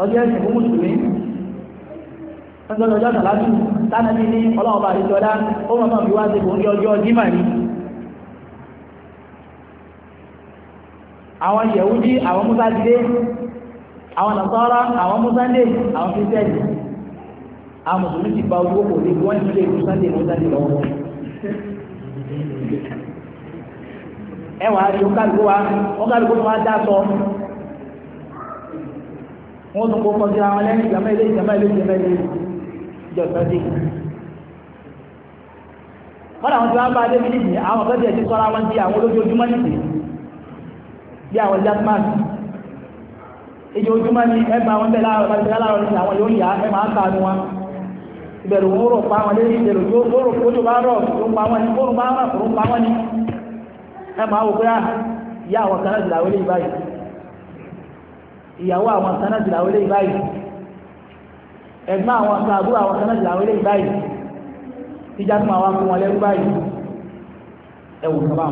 S1: ọjọ́ ẹ̀sìn fún mùsùlùmí wọ́n ti lọ́jọ́ ọjọ́ àtàlájú tánàbí ní ọlọ́run bá àdìsọ́dá ó mọ̀ mọ̀ bí wá ṣe àwọn yẹ̀wúdí àwọn mùsàdìdé àwọn nàṣọ́rá àwọn mùsàndé àwọn kírísítẹ́nì àwọn mùsùlùmí ti bá owó kò ní wọ́n ti lè mùsàndé mùsàndé lọ́wọ́ ẹwà rí ọkàlùkù wa ọkàlùkù wa dá sọ wọ́n tún kó kọjú àwọn lẹ́yìn ìjàmẹ́ ilé ìjàmẹ́ ilé ìjàmẹ́ ilé ìjọ sọ́dí kọ́dà wọn ti wá bá dé mi níbi àwọn ọ̀gá bí àwọn German ìjọ ojúmọ́ ni ẹgbà wọn bẹ̀ láàrọ̀ ní àwọn yóò yá ẹ máa wọn ìbẹ̀rù pa wọn lé ìbẹ̀rù yóò rò bá rọ̀ pa wọn ní fóònù bá rọ̀ pa wọn ní ẹ máa wò pé à ah, ìyá àwọn kan náà ti làwọlé ìbáyìí ìyàwó àwọn kan náà ti làwọlé ìbáyìí ẹ̀gbọ́n àwọn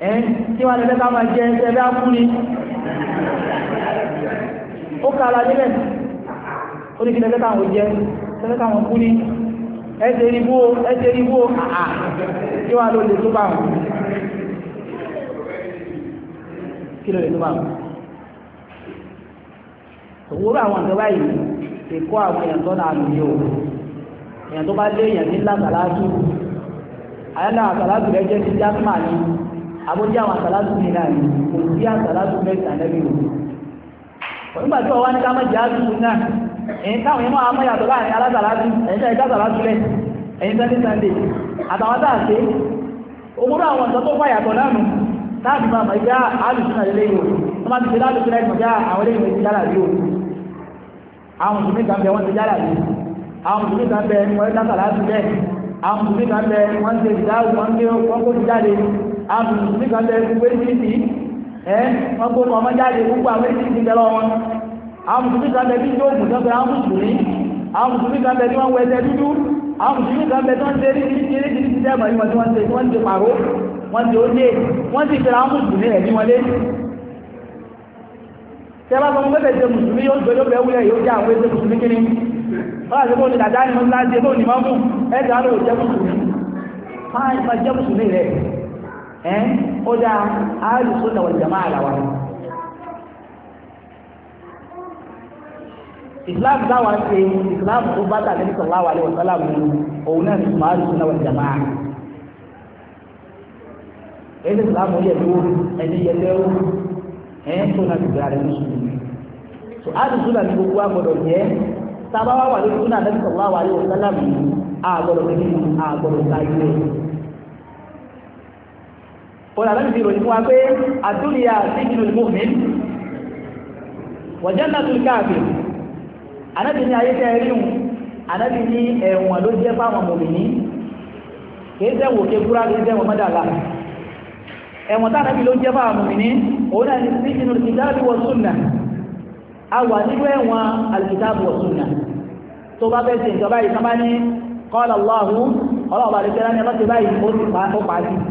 S1: ẹ́ tí wọ́n lẹ́fẹ́ ká máa ẹgbẹ́ ápúni ó kààlà nílẹ̀ ó ní kí lẹ́fẹ́ káwọn jẹ lẹ́fẹ́ kú ní ẹsẹ̀ ribó ẹsẹ̀ tí tó bá kí lọ ní lásàlásù àyálà àsàlásù àbójá àwọn àsàlátù mi náà ni kò sí àsàlátù mẹ́ta lẹ́bí o nígbà tí ọwá ní ká mẹ́jì á tún náà èyí táwọn ẹmọ́ àmọ́ yàtọ̀ láàrin alásàlátù ẹ̀yìn tẹ́ ìdásàlátù lẹ̀ ẹ̀yìn tẹ́ ní sunday àtàwọn tá à ṣe òwúrọ̀ àwọn ọ̀sán tó fà yàtọ̀ lánàá táàbì máa mọ̀ ìjá alùsùn àlẹ́ lẹ́yìn o wọ́n máa ti ṣe lálùsùn láì mọ̀já àwọn lẹ́yìn ti yára rí o àwọn mùsùlùmí kan bẹ wọ́n ti yára rí àwọn mùsùlùmí kan bẹ wọ́n ti dásàlátù lẹ̀ àmì nìkan tẹ gbogbo apc ẹ wọn kó ọmọ jáde gbogbo àwọn apc tẹ lọ wọn àwọn mùsùlùmí kan tẹ bí tó ògùn tó fẹ àwọn mùsùlùmí àwọn mùsùlùmí kan tẹ bí wọn wọ ẹsẹ dúdú àwọn mùsùlùmí kan tẹ tí wọn ṣe rí ní kiri kiri ti dẹ́gbọ̀n ní wọn tí wọn ṣe wọn ṣe pàró wọn ṣe oúnjẹ wọn sì fẹ́ra àwọn mùsùlùmí rẹ̀ ní wọn lé tẹ́lá sọ fún ẹ̀sẹ̀ mùsùlùmí ẹ́ eh? ó dá alùsùn náà wal jama'a àlàwà
S2: islam dáwà ṣe
S1: islam tó bá tàbí sallallahu alaihi wa sallam òun náà ní sùmọ́ alùsùn náà wal jama'a ẹni islam yẹ lóru ẹni yẹ lẹ́rú ẹ̀ tó náà ti bẹ̀rẹ̀ mùsùlùmí so alùsùn náà ní gbogbo àgbọ̀dọ̀ jẹ́ sábà wà lórí sunnah nabi sallallahu alaihi àgbọ̀dọ̀ kékeré àgbọ̀dọ̀
S2: káyọ̀
S1: kọ́lá láti fi ròyìn fún wa pé àdúnyà síjìnà ìmúhìn wọ̀jẹ́nà tó káàkiri anábì ní ayé tẹ́ ríhùn anábì ní ẹ̀wọ̀n ló jẹ́ fáwọn mòmìnì kìí sẹ́wọ̀ òkè kúrá kìí sẹ́wọ̀ mọ́dàlá ẹ̀wọ̀n tá anábì ló jẹ́ fáwọn mòmìnì òun náà ní síjìnà ìdáàbí wọ súnà a wà nínú ẹ̀wọ̀n alìkìtáàbù wọ súnà tó bá fẹ́ sí ìjọba ìsámá ní kọ́lá ọlọ́run ọlọ́run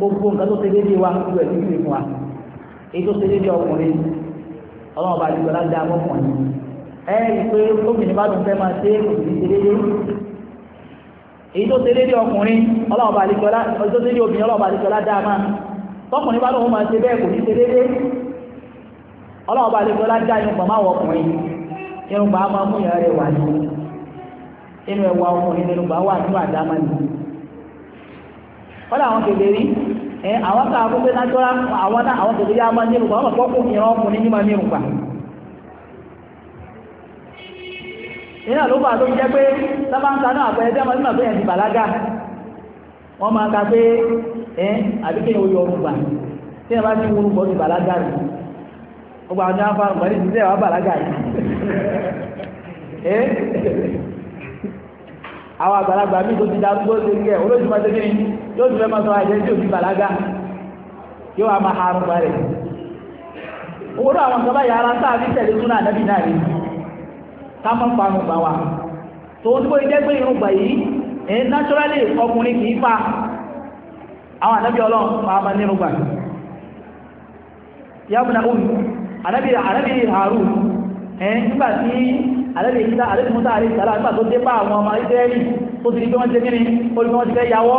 S1: gbogbo nǹkan tó ṣe déédéé wa gbogbo ẹ̀sìn ìwé fún wa èyí tó ṣe déédéé ọkùnrin ọlọ́run bá ti gbọ́dá dá ọkùnrin ẹ pé obìnrin bá fẹ́ máa ṣe èyí tó ọkùnrin ọlọ́run ọba èyí tó obìnrin ọlọ́run a máa tọkùnrin bá máa ṣe bẹ́ẹ̀ kò ọlọ́run kọ́lá àwọn kèdè rí ẹ àwọn kan àbúgbé nájọ́ra àwọn àwọn kèdè rí a máa ní ìrùgbà wọn ìran ọkùnrin ní máa ní ló tó jẹ́ pé náà tó ti bàlágà wọ́n máa ka pé ẹ àbíkẹ́ oyè ọrùngbà tí ẹ bá ti bọ́ ti bàlágà ọgbà bàlágà àwọn àgbàlagbà tó ti dá yóò tún fẹ́ máa sọ àjẹ́ tí òbí bàlágà yóò wá máa harun bá rẹ̀ owó náà àwọn sọ́bàá yàrá sáà fi tẹ̀lé súnà ànábì náà rí ká mọ́ parun gbà wá tòun tí bó jẹ́ pé irun gbà yìí èyí náturally ọkùnrin kì í fa àwọn ànábì ọlọ́run máa máa nínú gbà yàbùnà òun ànábì ànábì harun ẹ̀yìn nígbà tí ànábì ìta ànábì musa àrí ìsàlá nígbà tó dé bá àwọn ọmọ israẹli tó ti di pé wọ́n ti gíní olùkọ́ wọn ti fẹ́ yàwọ́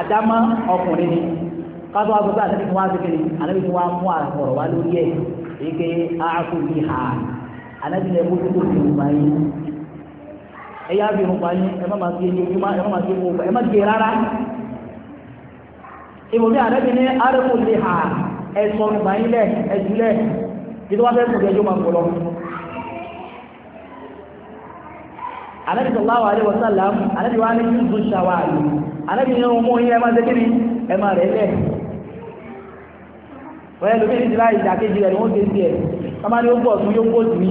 S1: àdámọ́ ọkùnrin ni kátó wá gbogbo àti wá sí kiri ànábi ni wá mú àrùn wá lórí ẹ̀ ike aákú bí ha ànábi ni ẹ̀kú tó ti rùpa yín ẹ yá bí rùpa yín ẹ má máa fi ẹni ẹ má máa fi ẹni ẹ má gé rárá ìbòmí ànábi ni aákú bí ha ẹ sọ rùpa yín lẹ ẹ jùlẹ bí tó wá fẹ́ kù kẹjọ máa ń bọ̀ lọ. anabi sallallahu alaihi wasallam anabi wa ni yuzu shawali anabi ni ọmọ yìí ẹ máa ṣe kíni ẹ máa rẹ̀ lẹ̀ wọ́n yẹ lómi ìdílá ìdàkejì rẹ̀ ni wọ́n ṣe ń tiẹ̀ kama ni ó bọ̀ tún yóò bó tún ní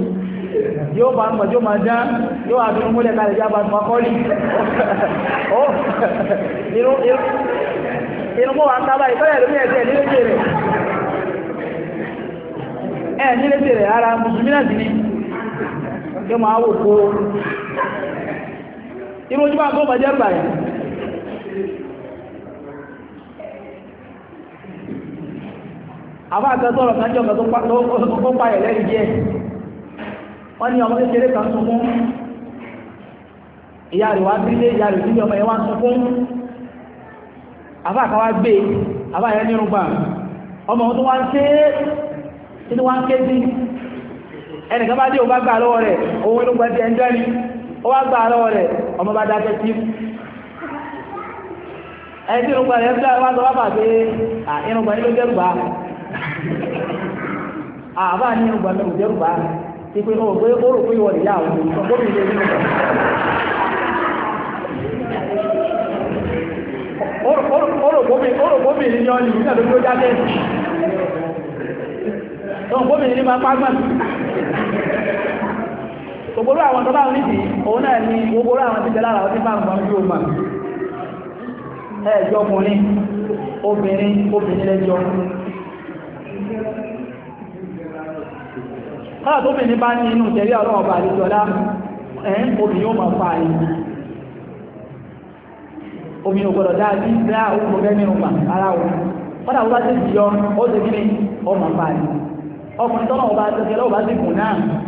S1: yóò bá ń bọ̀ yóò máa dán yóò wà fún múlẹ̀ kalẹ̀ yá bá tún akọ́lì inú mọ́ wa ń tábà ìtọ́lẹ̀ ẹ̀sẹ̀ níléṣe rẹ̀
S2: ẹ̀ níléṣe rẹ̀
S1: ara mùsùlùmí náà sí ni yóò máa wò kó irú ojú bá gbọ́ bàjẹ́ rúbà yìí àbá àtẹ́sọ̀rọ̀ kájọ́ tó pààyẹ̀ lẹ́yìn díẹ̀ wọ́n ni ọmọ kékeré kan sunkún ìyá rẹ̀ wá sílé ìyá rẹ̀ sílé ọmọ yẹn sọ sunkún àbá àkàwá gbé àbá yẹn ọmọ tó wá ń ké tí wá ń ké sí ẹnìkan bá dé òun gbà lọ́wọ́ rẹ̀ òun ló gbà tí ẹ ń dẹ́ni ó wá gba àlọ́ rẹ̀ ọmọ bá dákẹ́ sí tí
S2: irun gba rẹ̀ ń dá
S1: wá sọ wá bà pé àbá ní irun gba nílò ti pé ó pé ó rò pé ìwọ nìyá òun ọgbọ́n mi lè ní
S2: ọgbà orògbómi ní ọ́ ní ìgbà tó tó jáde ọ̀gbómi ní ma pàgbà
S1: ògbóró àwọn tó bá ń nídìí òun náà ni ògbóró àwọn ti tẹ́lára ọdí máa ń gbọ́n bí òmà ẹ̀ẹ́jọ́ ọkùnrin obìnrin obìnrin lẹ́jọ́
S2: kọ́lá tó bìnrin bá ní inú ìtẹ̀rí ọ̀rọ̀ ọba àdìsọ́lá ẹ̀ẹ́n obìnrin ó máa fa
S1: àyè obìnrin ògbọ́dọ̀ dáadí dá òun kò fẹ́ mẹ́rin pa ara òun kọ́lá ó bá tẹ̀sí yọ ó ti kí ni ó máa fa àyè ọkùnrin tọ́nà ọba àdìsọ́lá ọba ti kù náà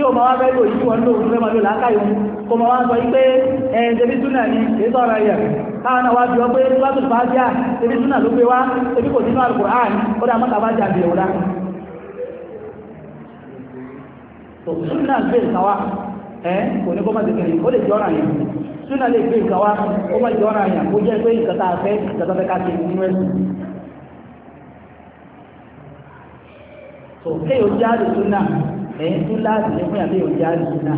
S1: tí o ma wá fẹ́ lò yí wọn lò fún ẹmọ lò lákàyò o ma wá sọ yí pé ẹ̀yìn tẹbí súnà ní èso ọ̀rọ̀ ẹ̀yẹ̀ káwọn náà wá bí ọ pé lọ́tún bá jà tẹbí súnà ló pé wá tẹbí kò sínú Al-Qur'an ó dá mọ́ta bá jà bí ẹ̀wọ̀dá súnà gbé nǹkan wá ẹ̀ kò ní kó má tẹ̀kẹ̀rẹ̀ ó lè jẹ́ ọ̀ràn yẹn súnà lè gbé nǹkan wá ó má a fẹ́ nǹkan a fẹ́ ká ṣe nínú ẹ̀sìn so kéèyàn ẹ̀yìn tó láti lè fún yàtọ̀ yóò jẹ́ àdùsùn náà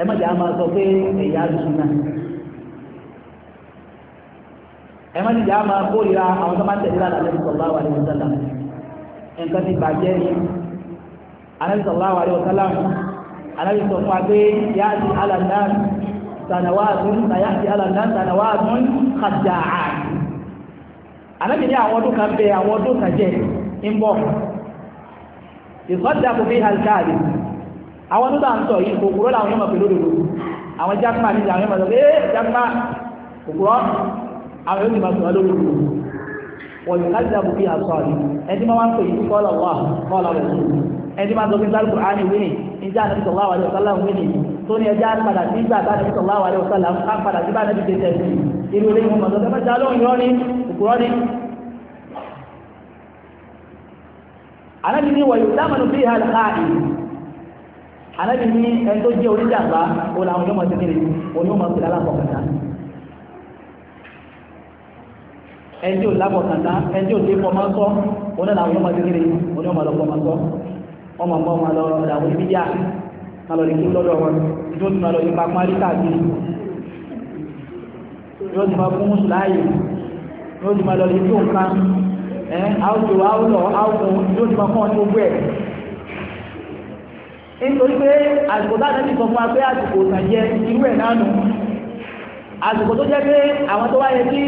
S1: ẹ má jẹ́ àmà sọ pé ẹ̀yà àdùsùn náà ẹ má jẹ́ àmà kórìíra àwọn tó máa ń tẹ̀lé láti alẹ́ sọ̀lá wà lẹ́yìn sọ̀lá nǹkan ti bàjẹ́ ni alẹ́ sọ̀lá wà lẹ́yìn sọ̀lá alẹ́ sọ̀ fún wa pé yá ti alàdá sànàwáàtún tàyà ti alàdá sànàwáàtún kàdà àná àná mi ní àwọn ọdún kan bẹ àwọn ọdún kan jẹ ń bọ̀ ìsọ́dàkù bí alkaali àwọn tó tàn sọ yìí kòkòrò làwọn yóò mọ̀ pẹ̀lú òdòdó àwọn jákùmá ní àwọn yóò mọ̀ sọ pé ee jákùmá kòkòrò àwọn yóò mọ̀ sọ lórí òdòdó wọ́n yóò kájí dàbò bí asọ́ọ̀lì ẹni máa ń pè yìí kọ́ lọ́wọ́ kọ́ lọ́wọ́ ẹni máa ń sọ pé sálùkù á ní wíní ìjà àti sọ̀láwà àti ọ̀sálà wíní tó ní ẹjá padà sí ìgbà àti sọ̀láwà àti ọ̀sálà á padà sí bá àti tẹ̀sí irú ilé ìwọ̀n mọ̀ sọ pé mẹ́ta lóhùn yọ́ ní kòkòrò ní anábì ní wọ̀nyí dámanu bí ha láàyè anábì ní ẹni tó jẹ́ oníjàmbá òun làwọn yóò máa ti kiri òun yóò máa fi lálàpọ̀ kàtà ẹni tí ò lápọ̀ kàtà ẹni tí ò lé fọmọ sọ òun náà làwọn yóò máa ti kiri òun yóò máa lọ fọmọ sọ máa bọ́ lọ làwọn ibi díà má lọ lè kí lọ́dọ̀ wọn tó tún lọ yípa parí káàkiri yóò ti máa fún mùsùláyè ẹ àwùjọ àwùjọ àwùjọ yóò ti máa kọ́ ní gbogbo ẹ̀. nítorí pé àsìkò bá nàbí sọ fún wa pé àsìkò ìtànjẹ irú ẹ̀ nánu àsìkò tó jẹ́ pé àwọn tó wáyé tí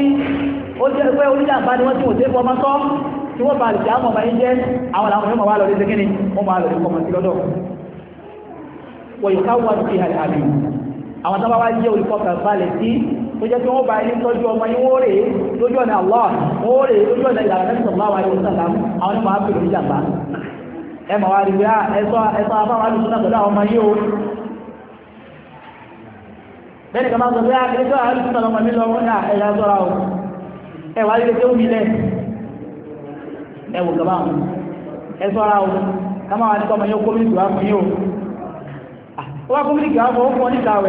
S1: ó jẹ́ pé oníjàmbá ni wọ́n ti wò sí fọmọ sọ́ tí wọ́n bá lè ṣe àwọn ọmọ yín jẹ́ àwọn làwọn yóò máa wá lọ lé kíni wọ́n máa lọ lé kọmọ sí lọ́dọ̀ wọ̀nyí ká wọ́n ti hàlẹ́ àbí àwọn tó bá wá jẹ́ olùkọ́ kan tó jẹ́ pé wọ́n bá yín tọ́jú ọmọ yín wọ́n rèé lójú ọ̀nà Allah wọ́n rèé lójú ọ̀nà ìlànà mẹ́sàn máa sàlám àwọn ọmọ o bẹ́ẹ̀ni kan máa sọ pé ẹsọ àti súnà lọmọ mi lọ wọn ọ na sọ́ra o ẹ wá rí bí ẹsẹ̀ omi lẹ̀ ẹ wò kaba àwọn ẹ sọ́ra o kama wà ní kọ́ ọmọ ah, ọ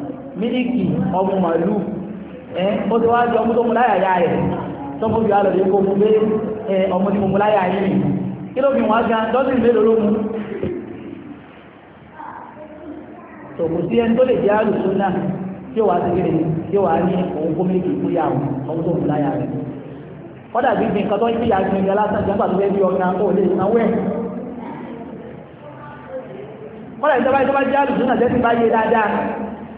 S1: mílíkì ọmọ màlúù ẹ ó ti wá ya ọmọ tó mú láyàyà rẹ tọ́mọ bí alọ̀ lè kó mú pé ọmọ tí mo mú láyà yìí kí ló fi wọ́n gan dọ́sìn mélòó ló mú tò sí ẹni tó lè jẹ́ àlùsùn náà tí ó wà á ti tí ó wà ní òun kó méjì kú yà ọmọ tó mú rẹ kọ́dà bí nǹkan tó ń kíyà lásán jẹ́ pàtó lẹ́bí ọ̀gá ó lè kọ́dà ìjọba ìjọba jẹ́ náà jẹ́ ti bá yé dáadáa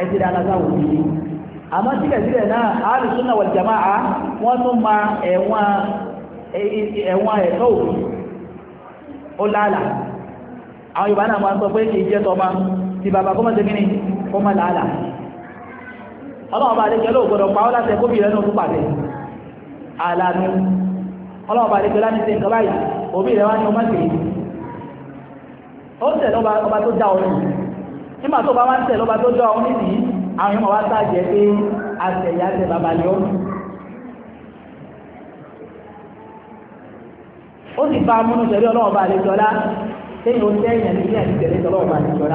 S1: ẹtì dáadáa sáwọn òbí yìí àmọ́ síbẹ̀síbẹ̀ náà alùsùnà wal jama'a wọ́n tún ma ẹ̀wọ̀n ẹ̀tọ́ òbí ó láàlà àwọn Yorùbá náà máa ń sọ pé kì í jẹ́ tọ́ ma ti bàbá kọ́mọ́ ṣe kíni kọ́mọ́ láàlà ọlọ́wọ́ bá adékẹ́ ló gbọ́dọ̀ pa ọ́ láti ẹ̀kọ́ bìrẹ̀ náà fún pàtẹ́ àlànà ọlọ́wọ́ bá adékẹ́ láti ṣe nǹkan báyìí òbí rẹ̀ wá ní ọmọ sí ó tẹ̀lé ọba tó dá ọ̀rọ̀ yìí nígbà tó bá wá ń tẹ̀ lọ́ba tó dọ́ ọ nídìí àwọn èèyàn wá sáàjẹ́ pé àtẹ̀yà tẹ bàbá ni ó ó sì bá múnú tẹ̀lé ọlọ́run bá àlejò ọlá lẹ́yìn oṣù ẹ̀yìn àti lẹ́yìn tẹ̀lé ọlọ́run bá àlejò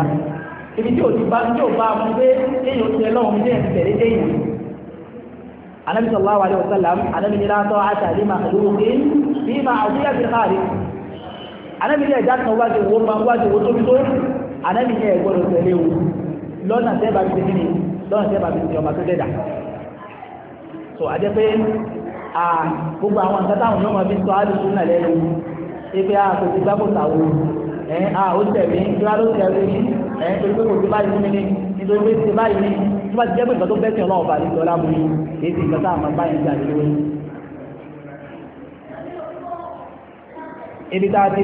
S1: ibi tí òtí bá tí ò bá mú pé lẹ́yìn oṣù ẹlọ́run ànábì ní ẹ gbọ́dọ̀ tẹ̀lé o lọ́nà tẹ́bà fi ní lọ́nà tẹ́bà fi ní ọba tó dẹ̀dà so àjẹ́ pé à gbogbo àwọn nǹkan táwọn yóò máa fi sọ àdùsùn náà lẹ́nu ipe a kò ti gbáko tàwo ẹ̀ a ó tẹ̀mí kí wọ́n ló tẹ̀lé ní ẹ̀ nítorí pé kò ti báyìí fún mi ní nítorí pé ti báyìí ní tí wọ́n ti jẹ́ pé nǹkan tó bẹ́ẹ̀ sìn ọlọ́ọ̀bà àti ìjọba mu yìí kì í ti nǹkan a ti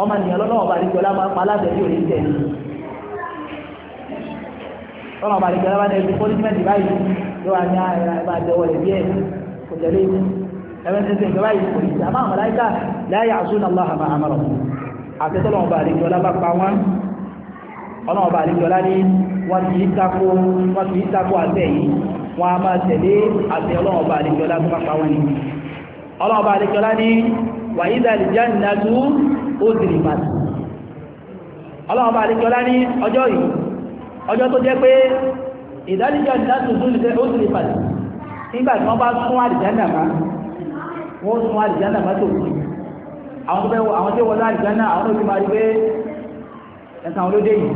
S1: ọmọ ènìyàn lọ́nà ọba àdìgbọ́lá máa ń pa aláṣẹ tí ò ní tẹ̀lé lọ́nà ọba àdìgbọ́lá máa ń ẹbí pọ́lítímẹ́ǹtì báyìí yóò wá ní ara ẹ̀ máa jẹ́wọ́ rẹ̀ díẹ̀ kò tẹ̀lé ẹ̀mẹ́ tẹ̀sẹ̀ ìjọba yìí kò ní tẹ̀lé àmọ́ àmàláìkà láyé àṣún aláha máa àmàrọ̀ àtẹ́tọ́lọ́ ọba àdìgbọ́lá bá pa wọ́n ọ̀nà ọba àdìgbọ́lá ní ó sì rí pàtì ọlọ́run bá àdéjọlá ní ọjọ́ yìí ọjọ́ tó jẹ́ pé ìdálíjọ́ ìdásùn ó sì rí pàtì nígbà tí wọ́n bá sún àdìjánà má
S2: wọ́n sún àdìjánà má tó
S1: kù àwọn tó bẹ́wọ̀ àwọn tí wọ́n láàdìjánà àwọn tó fi máa rí pé ẹ̀sàn olóde yìí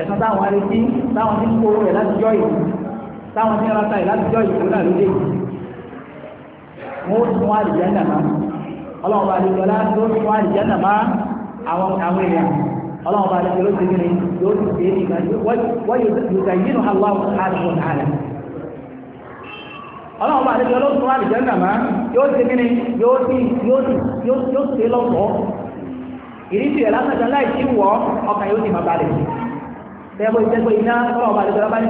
S1: ẹ̀sàn táwọn arìsí táwọn tí rata yìí láti jọ́ yìí kó náà lóde yìí ọlọ́run bá lè lọ tó fún àlìjáná má àwọn àwọn èèyàn ọlọ́run bá lè lọ sí ní yóò ti dé ní ìgbà wọ́n yóò ta yínú aláwọ̀ àdìgbò àlà ọlọ́run bá lè lọ fún àlìjáná má yóò ti ní yóò ti yóò ti yóò ti lọ́pọ̀ ìrísí rẹ̀ lásàtà láì sí wọ́ ọkàn yóò ti má balẹ̀ tẹ́gbọ́ ìtẹ́gbọ́ iná ọlọ́run bá lè lọ bá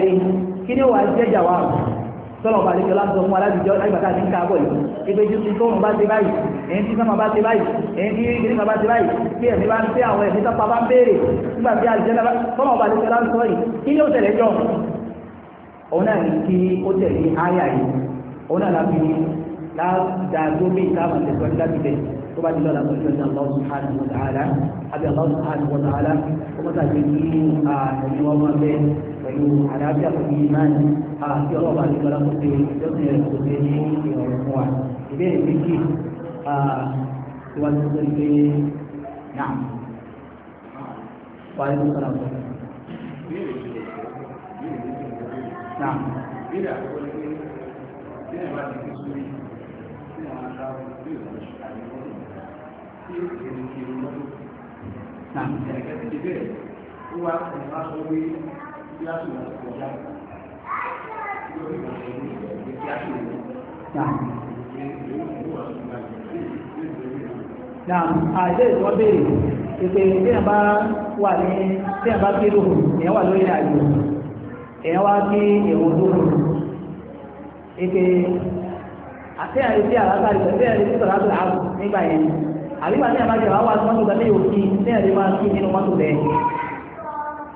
S1: ní kí ni wàá jẹ́ jàwá tọ́lọ̀ ọba àlejò láti sọ fún alájùjọ àgbàtà ní káàbọ̀ yìí ibi tí tí tóun bá ti báyìí èyí tí sọ́mà bá ti báyìí èyí tí ìgbìnrin bá ti báyìí tí ẹ̀mí bá ń tẹ́ àwọn ẹ̀mí tọ́pa bá ń béèrè nígbà tí àlejò tọ́lọ̀ ọba àlejò láti sọ yìí kí ni ó tẹ̀lé jọ òun náà ní kí ó tẹ̀lé áyà yìí òun náà láti ní dáadó bí ìtàwọn ìtẹ̀sọ́ láti bẹ̀ tó bá ti lọ́la tó ṣe ọjà Allah subhanahu wa ta'ala àbí Allah subhanahu wa ta'ala ó mọ́ta jẹ́ kí àtẹ̀yìn ọmọ bẹ́ẹ̀ pẹ̀lú àlàáfíà tó ní ìmáàní àti ọlọ́ọ̀bà àdìgbọ́lá tó ṣe ìjọsìn rẹ̀ tó ṣe ní ìrọ̀rùn fún wa ìbéèrè méjì ìwádìí tó ṣe pé náà wà nínú sọ̀rọ̀ àbọ̀.
S2: Náà. Ìbéèrè àkọ́kọ́ ni pé bí ẹ̀ bá ti fi sórí sí àwọn aṣáájú bí ìwọ̀n ṣe àyẹ̀wò tí èdè kiri lọ́dún. Náà. Ẹ̀kẹ́ ti dé bẹ́ẹ̀ ó wá ẹ̀ka sọ pé na àìsẹ́ ìwọ́n béèrè pípé téèyàn bá
S1: wà ní a bá kí lóhùn èèyàn wà lórí àjò èèyàn wá kí èèwọ̀n tó hùn pípé àtẹ́yàn ilé àlátàrí àtẹ́yàn ilé sọ̀rọ̀ àtọ̀ àbù nígbà yẹn àríwá téèyàn bá jẹ̀ wá wà ní mọ́tò gbàdé yòókì téèyàn lè máa kí nínú mọ́tò bẹ́ẹ̀.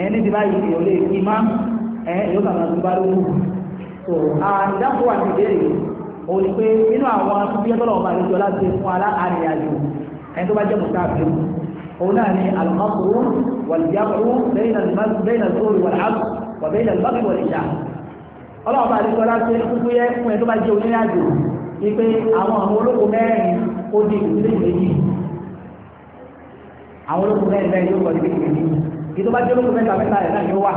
S1: ẹ̀yìn ní ti báyìí èèyàn lè kí má ẹ̀yìn yóò kàmá tó bá lóko tó ìdáhùn àti ìbéèrè òun ni pé nínú àwọn akúbíyẹ́ tọ́lọ̀ ọba àlejò láti fún alá arìnrìnàjò ẹni tó bá jẹ́ mọ̀tá àbí òun náà ni alùpàpọ̀ wàlùjáfọ̀ bẹ́yìn àlùsọ̀rọ̀ wàlùhàbù wàbẹ́yìn àlùbákì wàlùjá ọlọ́ọ̀bá àlejò láti fúnfúyẹ́ fún ẹni tó bá jẹ́ onírìnàjò ni pé àwọn àwọn olóko mẹ́rin ó di ìdílé méjì àwọn olóko mẹ́rin mẹ́rin yóò kọ́ ìtọ́ bá jẹ́ olóko mẹ́ta mẹ́ta ẹ̀ náà yóò wà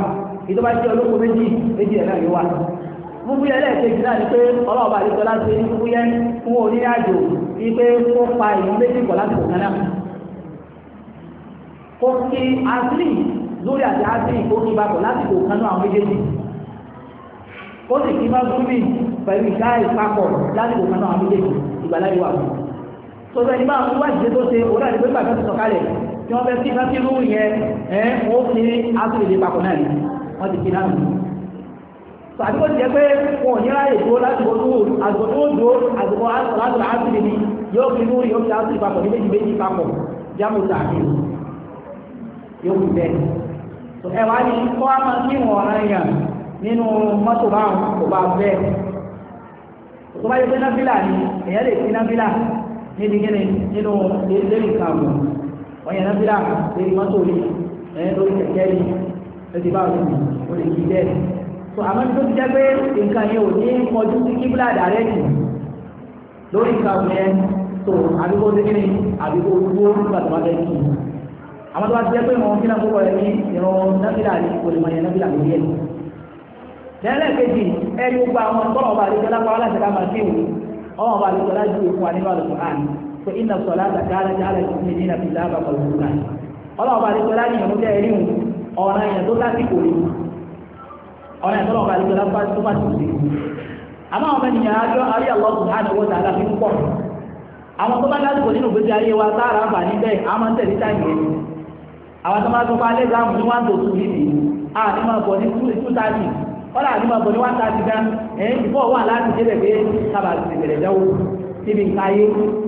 S1: ìtọ́ bá jẹ́ olóko méjì méjì ẹ̀ náà yóò wà fúfúyẹ́ lẹ́ẹ̀kejì náà ni pé ọlọ́ọ̀bà àdìsọ láti ní fúfúyẹ́ fún onírìn àjò bíi pé kó pa èèyàn méjì pọ̀ láti òkan náà kó kí asiri lórí àti asiri kó kí papọ̀ láti òkan náà àwọn méjèèjì kó sì kí má súnmì pẹ̀lú ìdá ìpapọ̀ láti òkan náà àwọn méjèèjì ìgbàláyé wà fún. sọ̀rọ̀ ìgbà wọn wá ìdílé tó ṣe òun náà ni pé tí wọ́n fẹ́ sí ìfẹ́ sínú yẹn ẹ̀ wọ́n fi aṣọ ìdè papọ̀ náà ni wọ́n ti fi náà nù. tàbí ó ti jẹ́ pé wọn ò ní ráyè dúró láti wọ́n dúró àgbò tó dúró àgbò láti wọ́n aṣọ ìdè ni yóò fi nú yóò fi aṣọ ìpapọ̀ ní méjì méjì papọ̀ jámù tàbí yóò fi bẹ́ẹ̀. ẹ wá ní kó a máa kí wọn ọ̀ràn yàn nínú mọ́tò báwọn kò bá bẹ́ẹ̀. tó bá yẹ pé náfìlà ni èèyàn lè fi náfìlà níbi gíní wọ́n yẹn nábìlà lórí mọ́tò rí ẹ̀yẹ́ lórí kẹ̀kẹ́ rí lórí bá òun ò lè kí bẹ́ẹ̀. tó àmọ́ tó ti jẹ́ pé nǹkan yẹn ò ní kọjú sí kíbla dàrẹ́tì lórí nǹkan òun yẹn tó àbíkó dégínì àbíkó dúró nígbà tó bá fẹ́ kí. àmọ́ tó bá ti jẹ́ pé wọn kí náà kókó rẹ̀ ní ìran nábìlà ní kò lè mọ yẹn nábìlà lórí ẹ̀. lẹ́lẹ́kejì ẹni gbogbo àwọn tọ́lọ̀ ọba àdéjọ́lá pa inna iná sọ̀lá àtàkà alájà alájà ní nínú àfihàn àbàkọ̀ òkúta ọlọ́ọ̀bà àdìsọ́lá ní ìyẹn tẹ́ ẹ̀rí ọ̀ràn èèyàn tó lásìkò rí ọ̀ràn ìtọ́lọ̀ ọ̀bà àdìsọ́lá tó bá ti àmọ́ àwọn ènìyàn àjọ àrí Allah subhanahu wa ta'ala fi ń pọ̀ àwọn tó bá lásìkò nínú gbèsè ayé wa bà níbẹ̀ àmọ́ ń tẹ̀lé àwọn tó bá tó bá ní wọ́n tó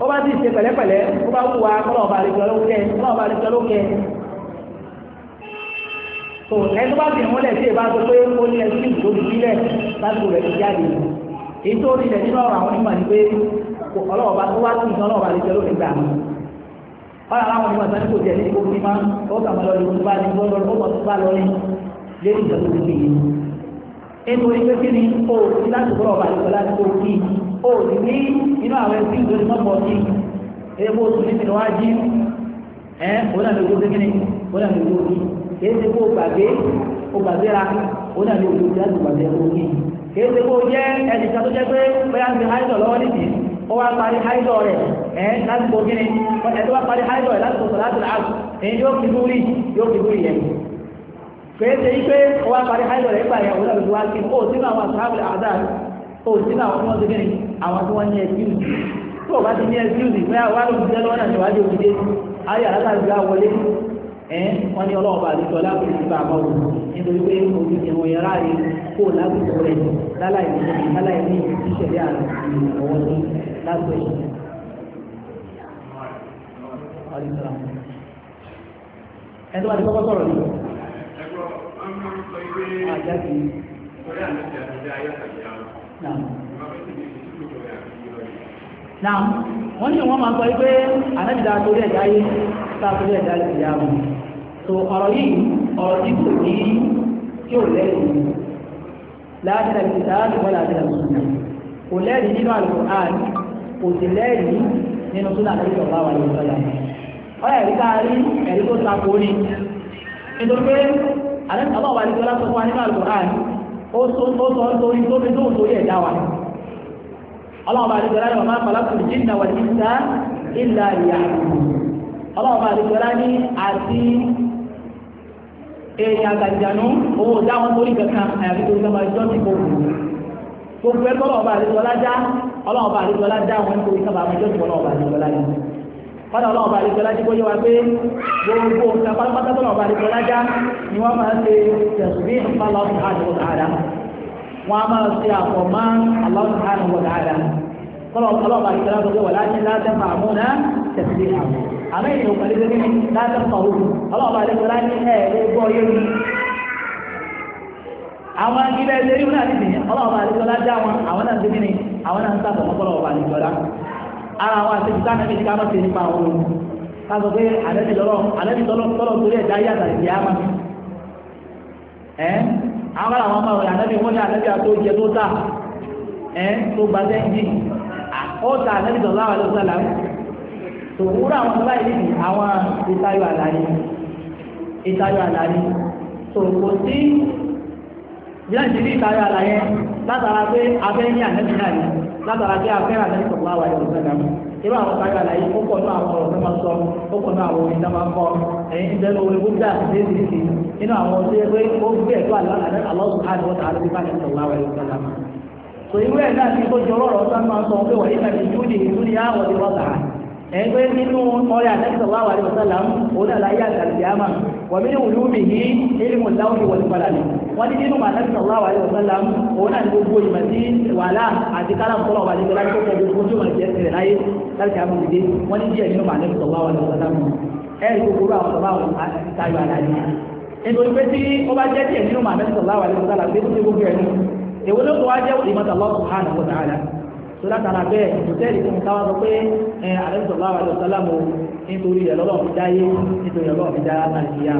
S1: ó bá ti ṣe pẹ̀lẹ́pẹ̀lẹ́ ó bá wù wá kọ́lọ̀ọ̀bà àlejò ọlọ́kẹ́ kọ́lọ̀ọ̀bà àlejò ọlọ́kẹ́ tó ẹni tó bá fi ìmúlẹ̀ sí ìbá sọ pé ó ní ẹni tó ti sílẹ̀ lásìkò rẹ̀ ti jáde èyí tó rí rẹ̀ nínú ọ̀rọ̀ àwọn onímọ̀ ni pé ọlọ́ọ̀bà tó wá sí ìtàn ọlọ́ọ̀bà àlejò ọlọ́kẹ́ gbà ọ̀rọ̀ àwọn onímọ̀ sani kò tẹ̀lé kó fi máa ó kà mọ́ lọ́ọ́ nítorí pé kí ni o ti láti gbọ́ ọ̀bà ìgbà láti kó kí o sì ní inú àwọn ẹbí ìgbà tó mọ̀ ní epo oṣù ní ìlú wájú ẹ òun náà lè gbó sí kí ni òun náà lè gbó kí ra òun náà lè gbó sí láti gbàgbé kó kí kì í ṣe kó o jẹ ẹnì kan tó jẹ pé bóyá ti háìdọ̀ lọ́wọ́ nìdí ó wá parí háìdọ̀ rẹ̀ ẹ láti kó kí ni ẹ tó wá parí háìdọ̀ rẹ̀ láti kèése yí pé ọwá parí háìlọ rẹ̀ gbà ìyàwó wá sí ó sínú àwọn ó sínú àwọn tí wọ́n ti àwọn tí wọ́n ní o bá ti ní ẹ̀síùsì pé àwa ló lọ́wọ́ náà níwájú òdìdé ayé àlátàgbé àwọlé ẹ̀ wọ́n ní ọlọ́wọ́ bá ti kọ́kọ́
S2: sọ̀rọ̀ náà wọ́n ní wọ́n
S1: máa sọ wípé ànábìdá torí ẹ̀dá yé sáà torí ẹ̀dá ìyá wọn so ọ̀rọ̀ yìí ọ̀rọ̀ tí kò ní tí ò lẹ́yìn láti ẹ̀sìn sáàtì wọ́n láti ẹ̀sìn náà kò lẹ́yìn nínú Al-Qur'an kò sì lẹ́yìn nínú súnà àtàlẹ́ ọ̀bá wa lọ́sọ̀lá ọ̀rọ̀ ẹ̀rí káàrí ẹ̀rí tó ta kò ní àlẹ́kọ̀ọ́ bá wà ní ọlá sọ fún wa nínú Al-Qur'an ó sọ nítorí tó fi tóun torí ẹ̀dá wa ọlọ́wọ́ bá dìgbọ́lá ní ọmọ àpàlákùn jìnnà wà ní ìta ìlà ìyá ọlọ́wọ́ bá wọn tó sábà jọ́ ti kò wù fọ́dà ọlọ́run bá àdìgbọ́lá jí bóyá wa pé gbogbo nǹkan pátápátá tó lọ́wọ́ bá àdìgbọ́lá já ni wọ́n máa ń ṣe tẹ̀sùmí ìpàlọ́ subhanahu wa ta'ala wọ́n á máa ṣe àpọ̀ mọ́ Allah subhanahu wa ta'ala kọ́lọ̀ ọlọ́run bá àdìgbọ́lá tó gbé wà láti láti fà mú ná tẹ̀sùmí àmú àmọ́ èyí ò pẹ̀lú pé kí láti fà ó ọlọ́run bá àdìgbọ́lá ní ẹ̀ gbogbo yé mi àwọn ilé ẹgbẹ́ yìí náà ti dì ara wa àti ìgbà náà ní ká máa ṣe nípa àwọn ohun káàkó pé àlẹ́bí lọ́rọ̀ àlẹ́bí tọ́lọ̀ tọ́lọ̀ torí ẹ̀dá yàtà ìdí àmà ẹ́ àwọn àwọn ọmọ rẹ̀ àlẹ́bí wọ́n ní àlẹ́bí àtó jẹ tó tà ẹ́ tó gba sẹ́yìn ó ta àlẹ́bí tọ́lọ̀ àwọn àlẹ́bí tọ́lọ̀ tó wúrọ̀ àwọn ọmọ yìí ní àwọn ìtayọ̀ àlàyé ìtayọ̀ àlàyé tó kò sí ìyá ìdílé ìtayọ àlàyé látara pé abẹ́ ní ànẹ́bí náà ni látara pé abẹ́ ànẹ́bí sọ̀rọ̀ àwọn ẹ̀rọ sẹ́dá irú àwọn ìtayọ àlàyé ó pọ̀ ní àwọn ọ̀rọ̀ tó máa sọ ó pọ̀ ní àwọn orin tó máa kọ́ ẹ̀yìn ìdẹ́nu orin búdà àti déèdì nínú àwọn tó yẹ pé ó gbé ẹ̀tọ́ àlọ́sùn àdìwọ́ tààrà bí bá ní sọ̀rọ̀ àwọn wà ní wùlú mi yí ilé mọ̀láwọ̀ wọ́n ní nínú màlẹ́bí sọ̀rọ̀ àwọn àyẹ̀wò sọ́lá òun náà ní gbogbo ìmọ̀ sí wàhálà àti kálàmù sọ́lá ọ̀bà nígbà láti tọ́jú gbogbo tí wọ́n jẹ́ tẹ̀lé láyé láti àwọn òdìdé wọ́n ní díẹ̀ nínú màlẹ́bí sọ̀rọ̀ àwọn àyẹ̀wò sọ́lá ẹ̀rí gbogbo àwọn sọ̀rọ̀ àwọn àtàyọ̀ àdáyé nítorí pé tí ó bá jẹ́ díẹ̀ nínú màlẹ́bí sọ̀rọ̀ àwọn àyẹ̀wò sọ́lá nítorí ọlọ́run fi dá ayé nítorí ọlọ́run fi dá àlìyá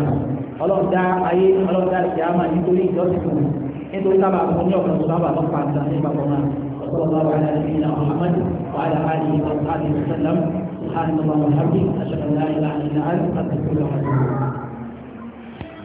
S1: ọlọ́run dá ayé ọlọ́run dá àlìyá máa nítorí ìjọsìn fún nítorí sábà fún ní ọ̀pọ̀ tó sábà lọ́pàá àti àti ìgbàgbọ́ náà ọ̀sọ́rọ̀ bá wà láti ní àwọn amadu wà á
S2: dáhà ní ìwà àti ìsẹ́lẹ̀m àti ìwà àti àṣàkàlá ìlànà àti àti ìgbàgbọ́